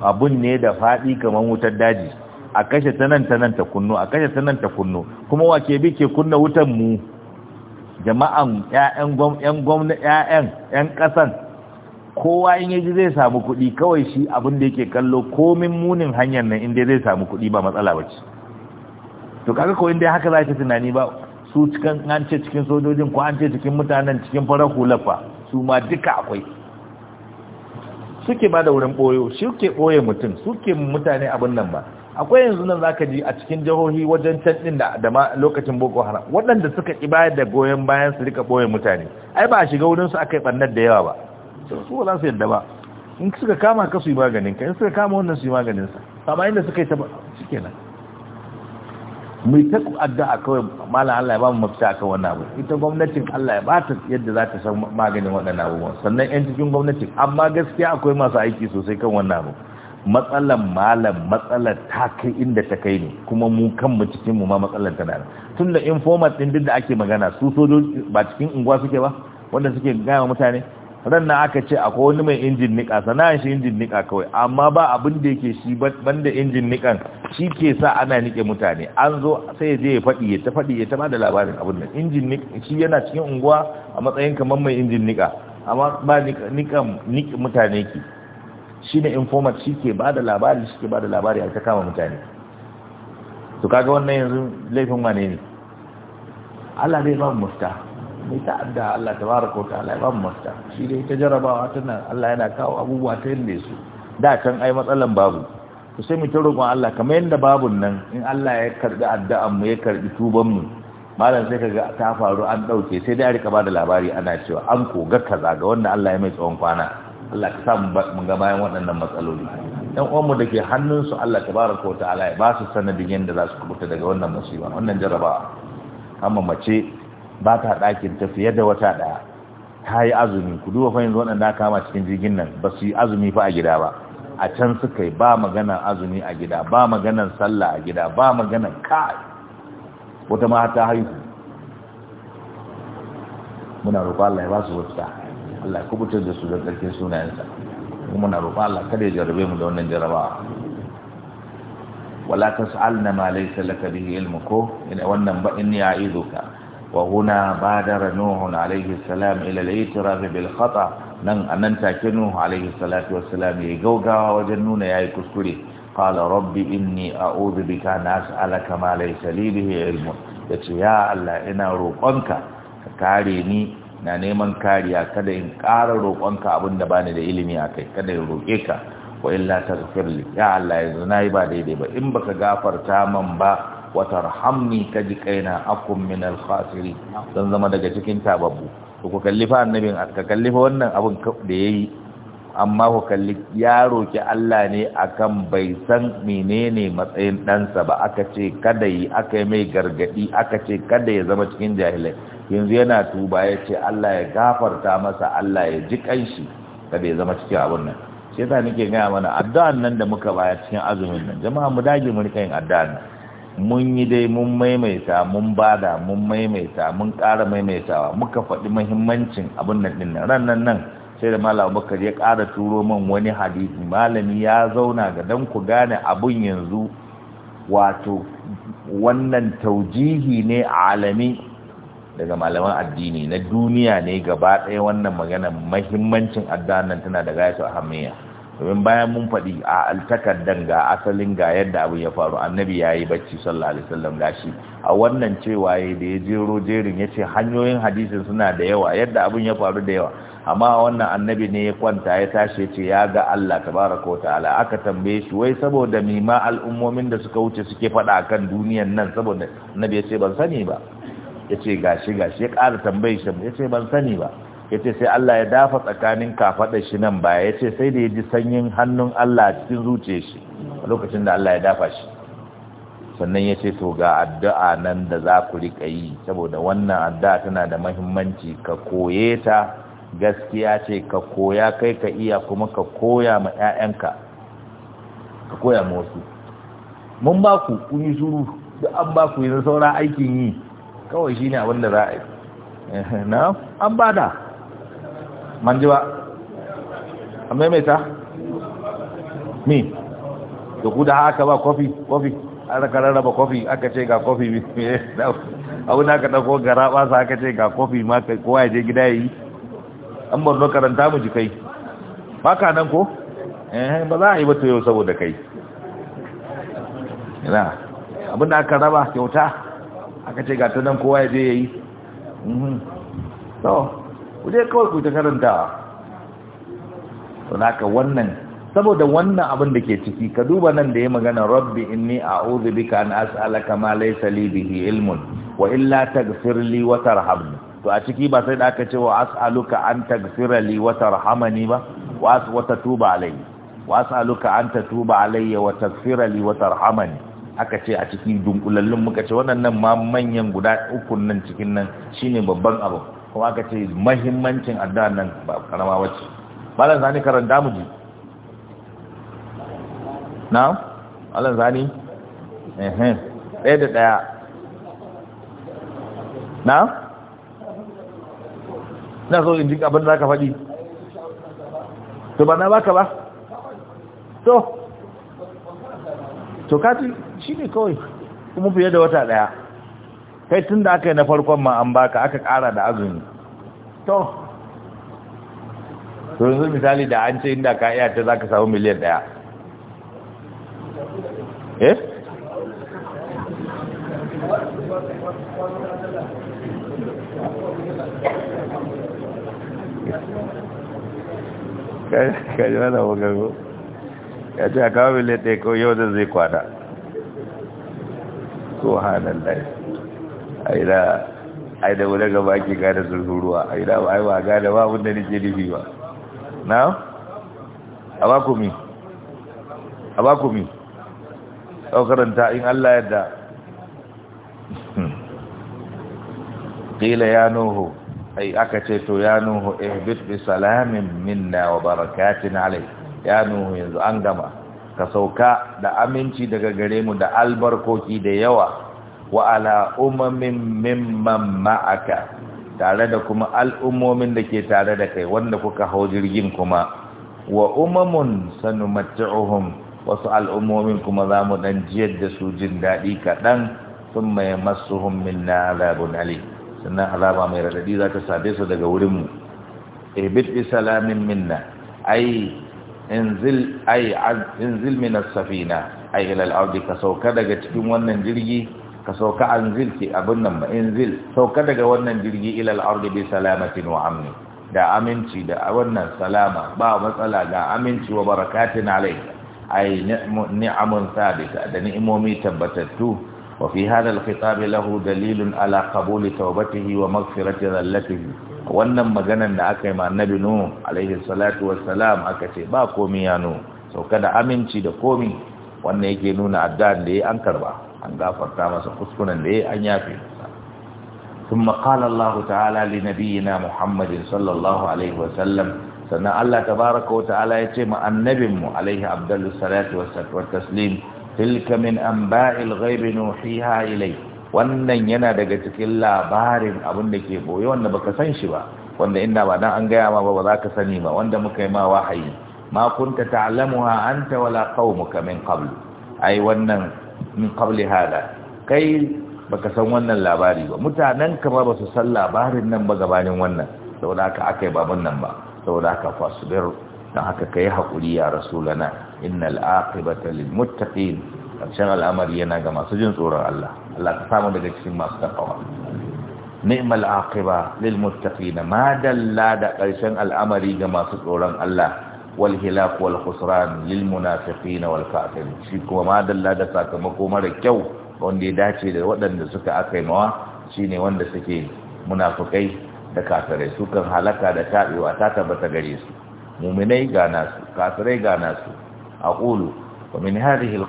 abun ne da faɗi kamar wutar daji a kashe ta nan ta nan ta kunno a kashe ta nan ta kunno kuma wa ke bi ke kunna wutan mu jama'an ƴaƴan gwamnati ƴaƴan ƴan ƙasan kowa in yaji zai samu kuɗi kawai shi abin da yake kallo komin munin hanyar nan in inda zai samu kuɗi ba matsala ba ce to kaga ko inda haka za ta tunani ba su cikin an ce cikin sojojin ko an ce cikin mutanen cikin farar fa su ma duka akwai suke ba da wurin boyo suke boye mutum suke mutane abin nan ba akwai yanzu nan zaka ji a cikin jihohi wajen can din da da ma lokacin boko haram waɗanda suka ki da goyon bayan su rika boye mutane ai ba a shiga wurin su akai bannar da yawa ba su ba za su yadda ba in suka kama ka su yi maganin ka in suka kama wannan su yi maganin sa amma inda suka yi ta ba shikenan mai ta addu'a kawai malam Allah ya ba mu mafita kan wannan abu ita gwamnatin Allah ya bata yadda za ta san maganin waɗannan abubuwan sannan yan cikin gwamnatin amma gaskiya akwai masu aiki sosai kan wannan abu matsalar malam matsalar ta kai inda ta kai ne kuma mu mu cikin mu ma matsalar ta da tun da informat din duk da ake magana su sojoji ba cikin unguwa suke ba wanda suke gaya mutane na aka ce akwai wani mai injin nika sana'a shi injin nika kawai amma ba abin da yake shi banda injin nikan shi ke sa ana nike mutane an zo sai je ya faɗi ya ta faɗi ya ta da labarin abin nan injin nika shi yana cikin unguwa a matsayin kamar mai injin nika amma ba nikan nika mutane ki shi ne informat shi ke da labari shi ke bada labari a ta kama mutane to kaga wannan yanzu laifin wane ne Allah zai ba mu mafita mai ta'adda Allah ta ko ta'ala ya ba mafita shi dai ta jarabawa tana Allah yana kawo abubuwa ta yin su da can ai matsalan babu ku sai mu ta roƙon Allah kamar yadda babun nan in Allah ya karɓi addu'an mu ya karɓi tuban mu malam sai ka ga ta faru an ɗauke sai dai a rika bada labari ana cewa an koga kaza ga wanda Allah ya mai tsawon kwana Allah ka samu mu ga bayan waɗannan matsaloli dan uwanmu da ke hannunsu Allah ta ko ta'ala ya ba su sanadin yadda za su kubuta daga wannan musiba wannan jarabawa amma mace ba ta ɗakin ta fiye da wata ɗaya ta yi azumi ku duba fahimtar waɗanda waɗanda kama cikin jirgin nan ba su yi azumi fa a gida ba a can suka yi ba maganar azumi a gida ba maganar sallah a gida ba maganar kai wata ma ta haihu muna roƙo Allah ya ba su wata Allah ya kubutar da su da ƙarfin sunayensa muna roƙo Allah kada ya jarabe mu da wannan jarabawa wala tas'alna ma laysa laka bihi ilmu ko ina wannan ba in ya'iduka وهنا بادر نوح عليه السلام إلى الاعتراف بالخطأ نن أنن تاكنوه عليه الصلاة والسلام يقوقا وجنون يا كسكري قال رب إني أعوذ بك أن أسألك ما ليس لي به علم يتي يا الله إنا روقنك كاريني na neman kariya kada in ƙara roƙonka abin da bani da ilimi a kai kada in roƙe ka wa illa taghfir li ya Allah yanzu nayi ba daidai ba in baka gafarta man ba watarhamni kaji kaina akum min al dan zama daga cikin tababbu to ku kallifa annabin ka kallifa wannan abun da yayi amma ku kalli ya roki Allah ne akan bai san menene matsayin ɗansa ba aka ce kada yi aka yi mai gargadi aka ce kada ya zama cikin jahilai yanzu yana tuba ya ce Allah ya gafarta masa Allah ya ji kanshi kada ya zama cikin abun nan sai ta nake gaya mana addu'an nan da muka baya cikin azumin nan jama'a mu dage mu rika yin addu'an nan mun yi dai mun maimaita mun bada mun maimaita mun ƙara maimaitawa muka faɗi mahimmancin abin nan ɗin ranar nan sai da malam bakar ya ƙara turo man wani hadisi malami ya zauna ga dan ku gane abun yanzu wato wannan taujihi ne alami daga malaman addini na duniya ne gaba ɗaya wannan magana mahimmancin addanan tana da a ahammiya domin bayan mun faɗi a altakaddan ga asalin ga yadda abin ya faru annabi ya yi bacci sallallahu alaihi wasallam gashi a wannan cewa ya da ya jero jerin yace hanyoyin hadisin suna da yawa yadda abin ya faru da yawa amma wannan annabi ne ya kwanta ya tashi ya ya ga Allah tabaraka ta'ala aka tambaye shi wai saboda mima al'ummomin da suka wuce suke faɗa akan duniyan nan saboda annabi ya ce ban sani ba yace gashi gashi ya ƙara tambaye shi yace ban sani ba yace sai Allah ya dafa tsakanin kafaɗa shi nan ya yace sai da ya ji sanyin hannun Allah cikin zuce shi a lokacin da Allah ya dafa shi sannan yace to ga addu'a nan da za ku rika yi saboda wannan addu'a tana da mahimmanci ka koye ta gaskiya ce ka koya kai ka iya kuma ka koya ma ƴaƴanka ka koya ma wasu mun ba ku kun yi shuru duk an ba ku yanzu sauran aikin yi kawai shine abin da za a yi na an bada Manjiba, a maimaita mi da ku da haka ba kofi kofi an rarraba kofi aka ce ga kofi abu na ka ɗauko gara ɓasa aka ce ga kofi ma kai kowa ya je gida ya yi an barno karanta mu ji kai ba ka nan ko eh ba za a yi ba to yau saboda kai ina abinda aka raba kyauta aka ce ga ta nan kowa ya je ya yi so mhm. ku je kawai ku ta karantawa sunaka wannan saboda wannan abin da ke ciki ka duba nan da ya magana rabbi inni a'udhu bika an as'alaka ma laysa li bihi ilmun wa illa taghfir li wa tarhamni to a ciki ba sai da aka ce wa as'aluka an taghfir li wa tarhamani ba wa wa tuba alayya wa as'aluka an tatuba alayya wa taghfir li wa tarhamani aka ce a cikin dunkulallun muka ce wannan ma manyan guda uku nan cikin nan shine babban abu kuma aka ce mahimmancin addu'a nan ba karama wacce malam zani karanta damuji na malam zani ehem ɗaya da ɗaya na na so in ji abin da za ka faɗi to ba na baka ba to to kati shi ne kawai kuma fiye da wata ɗaya kai tun da aka yi na farkon ma an baka aka kara da azumi to to yanzu misali da an ce inda ka iya ta za ka samu miliyan daya eh kaji wani abokanku ya ce a kawo miliyan ɗaya ko yau zai kwana ko hannun daya aida da wani gaba ke da zurhuruwa aida ba ai ba gane ba abinda nake nufi ba na a bakumi a bakumi ɗaukaranta in Allah yadda ƙila ya nuhu ai aka ce to ya nuhu ihbit bi salamin minna wa barakatin alai ya nuhu yanzu an gama ka sauka da aminci daga gare mu da albarkoki da yawa wa ala umamin mimman ma'aka tare da kuma al'ummomin da ke tare da kai wanda kuka hau jirgin kuma wa umamun sanumatti'uhum wasu al'ummomin kuma za mu dan jiyar da su jin daɗi kaɗan sun mai masuhun na azabun ali sannan azaba mai raɗaɗi za ta same su daga wurinmu ibid bi salamin minna ai in ai inzil safina ai Ilal ka sauka daga cikin wannan jirgi ka sauka an ke abin nan in zil sauka daga wannan jirgi ilal ardi bi salamatin wa amni da aminci da wannan salama ba matsala ga aminci wa barakatin alayka ay ni'amun sabita da ni'imomi tabbatattu wa fi hada lahu dalilun ala qabul tawbatihi wa maghfirati dhallatihi wannan maganan da aka yi ma annabi nu alaihi salatu wassalam aka ce ba komi ya sauka da aminci da komi wannan yake nuna addan da ya an karba an gafarta masa kuskunan da ya an yafe sun makalallahu ta'ala li nabiyina muhammadin sallallahu alaihi wasallam sannan allah tabaraka wa ta'ala ya ce ma'annabinmu alaihi abdullu salatu wa taslim tilka min amba'il ghaibi nuhiha ilai wannan yana daga cikin labarin abin da ke boye wanda baka san shi ba wanda inda ba dan an gaya ma ba za ka sani ba wanda muka yi ma wahayi ma kunta ta'lamuha anta wala qaumuka min qablu ai wannan min qabli hada kai baka san wannan labari ba mutanen kamar ba su san labarin nan ba gabanin wannan saboda haka akai baban nan ba saboda haka fasbir dan haka kai hakuri ya rasulana innal aqibata lil muttaqin karshen al'amari yana ga masu jin tsoron Allah Allah ka samu daga cikin masu takawa ni'mal aqiba lil muttaqin ma dalla da karshen al'amari ga masu tsoron Allah wal hilak wal khusran lil munafiqin wal kafirin shi kuma madalla da sakamako mara kyau wanda ya dace da waɗanda suka aka mawa shine wanda suke munafikai da kafirai sukan halaka da tabewa ta tabbata gare su mu'minai ga nasu kafirai ga nasu aqulu wa min hadhihi al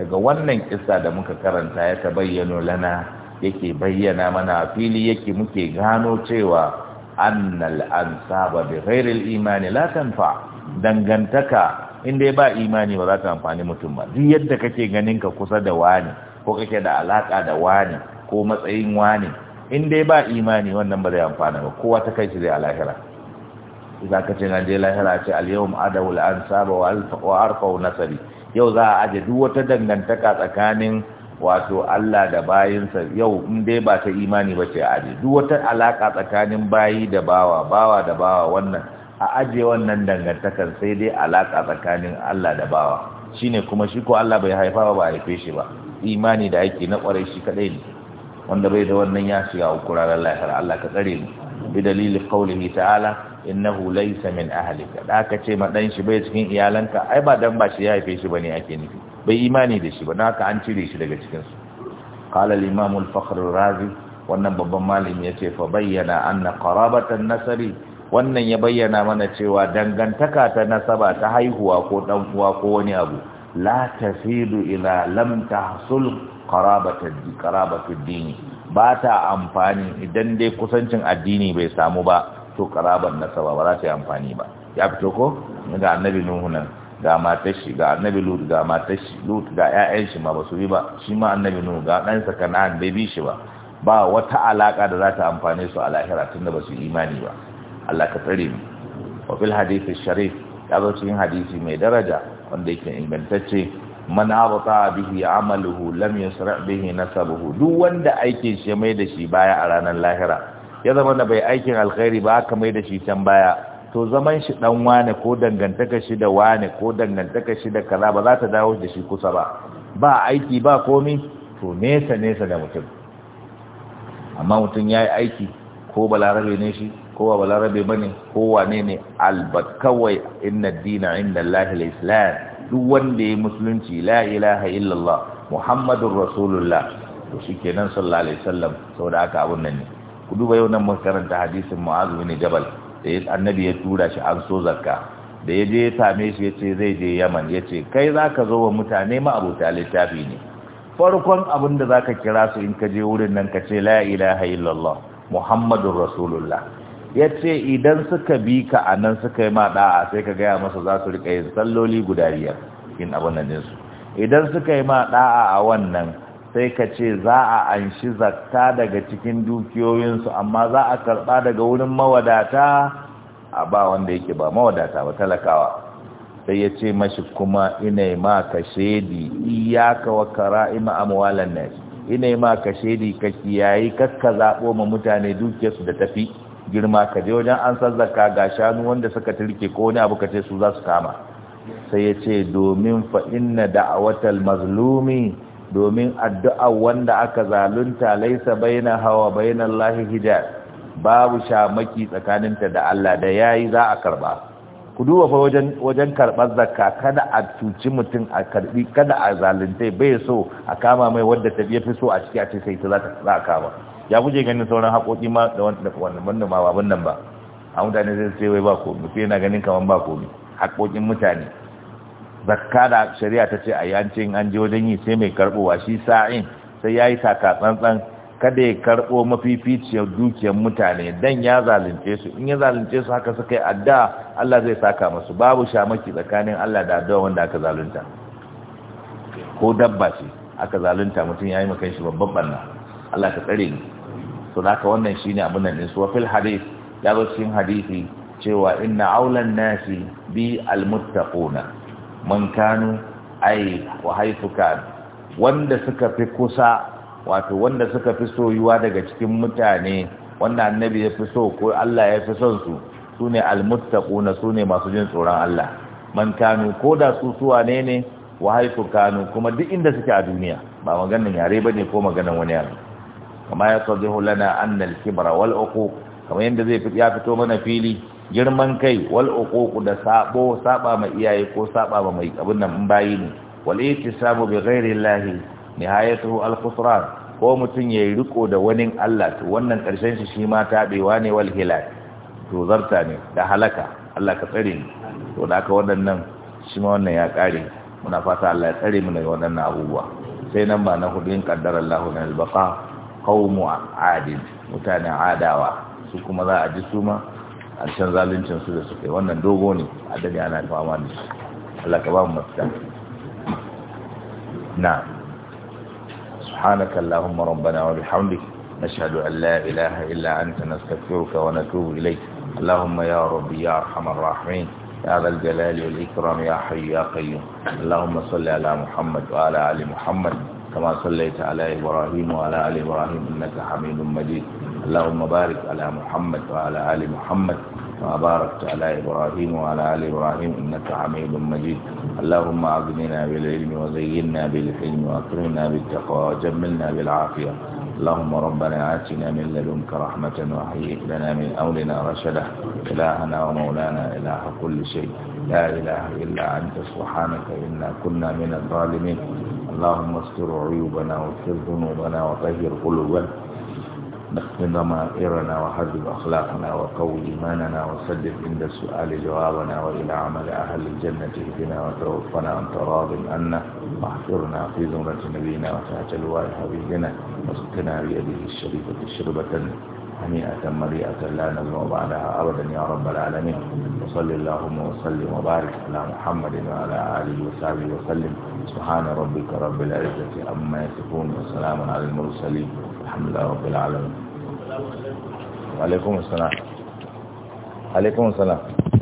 daga wannan kissa da muka karanta ya tabayyano lana yake bayyana mana fili yake muke gano cewa annal ansaba bi al imani la tanfa' dangantaka inda ya ba imani ba za ta amfani mutum ba duk yadda kake ganin ka kusa da wani ko kake da alaka da wani ko matsayin wani in dai ba imani wannan ba zai amfana ba kowa ta kai shi zai a lahira za ka ce na je lahira ce al-yawm adawul ansaba wa arfau nasari yau za a aje duk wata dangantaka tsakanin wato Allah da bayinsa yau in dai ba ta imani ba ce aje duk wata alaka tsakanin bayi da bawa bawa da bawa wannan a ajiye wannan dangantakar sai dai alaka tsakanin Allah da bawa shine kuma shi ko Allah bai haifa ba haife shi ba imani da yake na kwarai shi kadai ne wanda bai da wannan ya shiga uku ranar lahira Allah ka tsare mu bi dalili qaulihi ta'ala innahu laysa min ahlika da aka ce ma dan shi bai cikin iyalanka ai ba dan ba shi ya haife shi bane ake nufi bai imani da shi ba dan haka an cire shi daga cikin su qala al-imam al-fakhr razi wannan babban malami yace fa bayyana anna qarabatan nasari wannan ya bayyana mana cewa dangantaka ta nasaba ta haihuwa ko dan uwa ko wani abu la tafidu ila lam tahsul qarabatu din ba ta amfani idan dai kusancin addini bai samu ba to qarabar nasaba ba za ta yi amfani ba ya fito ko ga annabi nuhu nan ga matar shi ga annabi lut ga matar shi lut ga ƴaƴan shi ma ba su bi ba shi ma annabi nuhu ga dan sa kana'an bai bi shi ba ba wata alaka da za ta amfane su a lahira tunda ba su imani ba Allah ka tsare wa fil hadisi sharif ya zo cikin hadisi mai daraja wanda yake ingantacce man abata bihi amaluhu lam yusra bihi nasabuhu duk wanda aikin shi mai da shi baya a ranar lahira ya zama da bai aikin alkhairi ba aka mai da shi can baya to zaman shi dan wane ko dangantaka shi da wane ko dangantaka shi da kaza ba za ta dawo da shi kusa ba ba aiki ba komi to nesa nesa da mutum amma mutum ya yi aiki ko balarabe ne shi Kowa ba balarabe kowa ne ne albat kawai inna dina inda lahil islam duk wanda ya musulunci la ilaha illallah muhammadun rasulullah to shi kenan sallallahu alaihi wasallam sau da aka abun nan ne ku duba yau nan makaranta hadisin mu'azu bin jabal da annabi ya tura shi an so zakka da ya je ya same shi yace zai je yaman yace kai za ka zo wa mutane ma ma'abuta littafi ne farkon abin da za ka kira su in ka je wurin nan ka ce la ilaha illallah muhammadun rasulullah ya ce idan suka bi ka a nan suka yi ma ɗa'a sai ka gaya masa za su riƙa yin salloli guda biyar in abin nan jinsu idan suka yi ma ɗa'a a wannan sai ka ce za a an shi zakka daga cikin dukiyoyinsu amma za a karɓa daga wurin mawadata a ba wanda yake ba mawadata ba talakawa sai ya ce mashi kuma ina ma ka shaidi iyaka wa kara'ima amuwalan nas ina ma ka shaidi ka kiyaye kakka zaɓo ma mutane dukiyarsu da tafi girma ka je wajen an san ga shanu wanda suka turke ko wani abu ka ce su za su kama sai ya ce domin fa inna da'awatal mazlumi domin addu'a wanda aka zalunta laisa baina hawa baina Allahi hijab babu shamaki tsakaninta da Allah da yayi za a karba ku duba fa wajen karɓar karbar zakka kada a cuci mutum a karbi kada a zalunta bai so a kama mai wadda ta biye fi so a ciki a ce sai ta za ta kama ya kuke ganin sauran haƙoƙi ma da wannan banda ba nan ba a mutane zai sai wai ba komi sai yana ganin kamar ba komi haƙoƙin mutane zakka da shari'a ta ce a yancin an je wajen yi sai mai karɓowa shi sa'in sai ya yi taka tsantsan kada ya karɓo mafificiyar dukiyar mutane dan ya zalunce su in ya zalunce su haka suka yi adda Allah zai saka masu babu shamaki tsakanin Allah da addu'a wanda aka zalunta ko dabba ce aka zalunta mutum ya yi maka shi babban banna Allah ka tsare ni Sunaka wannan shine abin nan su wa fil hadith ya zo cikin hadisi cewa inna aulan nasi bi almuttaquna man kanu ai wa wanda suka fi kusa wato wanda suka fi soyuwa daga cikin mutane wanda annabi ya fi so ko Allah ya fi son su sune almuttaquna sune masu jin tsoron Allah man kanu ko da su suwa ne ne wa kuma duk inda suke a duniya ba maganan yare bane ko maganar wani yare kama yasdihu lana annal al-kibra wal uquq kamar yanda zai ya fito mana fili girman kai wal uquq da sabo saba ma iyaye ko saba ma mai abin nan bayi ne wal ittisabu bi ghairi llahi nihayatuhu al-khusran ko mutun yayi riko da wani Allah to wannan karshen shi shi ma tabewa ne wal hilal to zarta ne da halaka Allah ka tsare ni to da aka waɗannan shima wannan ya kare muna fata Allah ya tsare mu daga waɗannan abubuwa sai nan ba na hudu in qaddara Allahu al-baqa qaumu adid mutanen adawa su kuma za a ji su ma harshen zaluncin su da suka yi wannan dogo ne a dade ana fama da su Allah ka ba mu mafita na subhanaka allahumma rabbana wa bihamdika نشهد أن لا إله إلا أنت نستغفرك ونتوب إليك اللهم يا ربي يا أرحم الراحمين يا ذا الجلال والإكرام يا حي يا قيوم اللهم صل على محمد وعلى آل محمد كما صليت على إبراهيم وعلى آل إبراهيم إنك حميد مجيد اللهم بارك على محمد وعلى آل محمد كما باركت على إبراهيم وعلى آل إبراهيم إنك حميد مجيد اللهم أغننا بالعلم وزينا بالحلم وأكرمنا بالتقوى وجملنا بالعافية اللهم ربنا آتنا من لدنك رحمة وحيئ لنا من أولنا رشدا إلهنا ومولانا إله كل شيء لا إله إلا أنت سبحانك إنا كنا من الظالمين اللهم استر عيوبنا واستر ذنوبنا وطهر قلوبنا نختم ضمائرنا وحذب أخلاقنا وقوي إيماننا وسدد عند السؤال جوابنا وإلى عمل أهل الجنة اهدنا وتوفنا أنت راض عنا واحفرنا في زمرة نبينا وتحت لواء حبيبنا واسقنا بيده الشريفة شربة هنيئة مريئة لا نزم بعدها أبدا يا رب العالمين وصل اللهم وسلم وبارك على محمد وعلى آله وصحبه وسلم سبحان ربك رب العزة عما يصفون وسلام على المرسلين الحمد لله رب العالمين وعليكم السلام عليكم السلام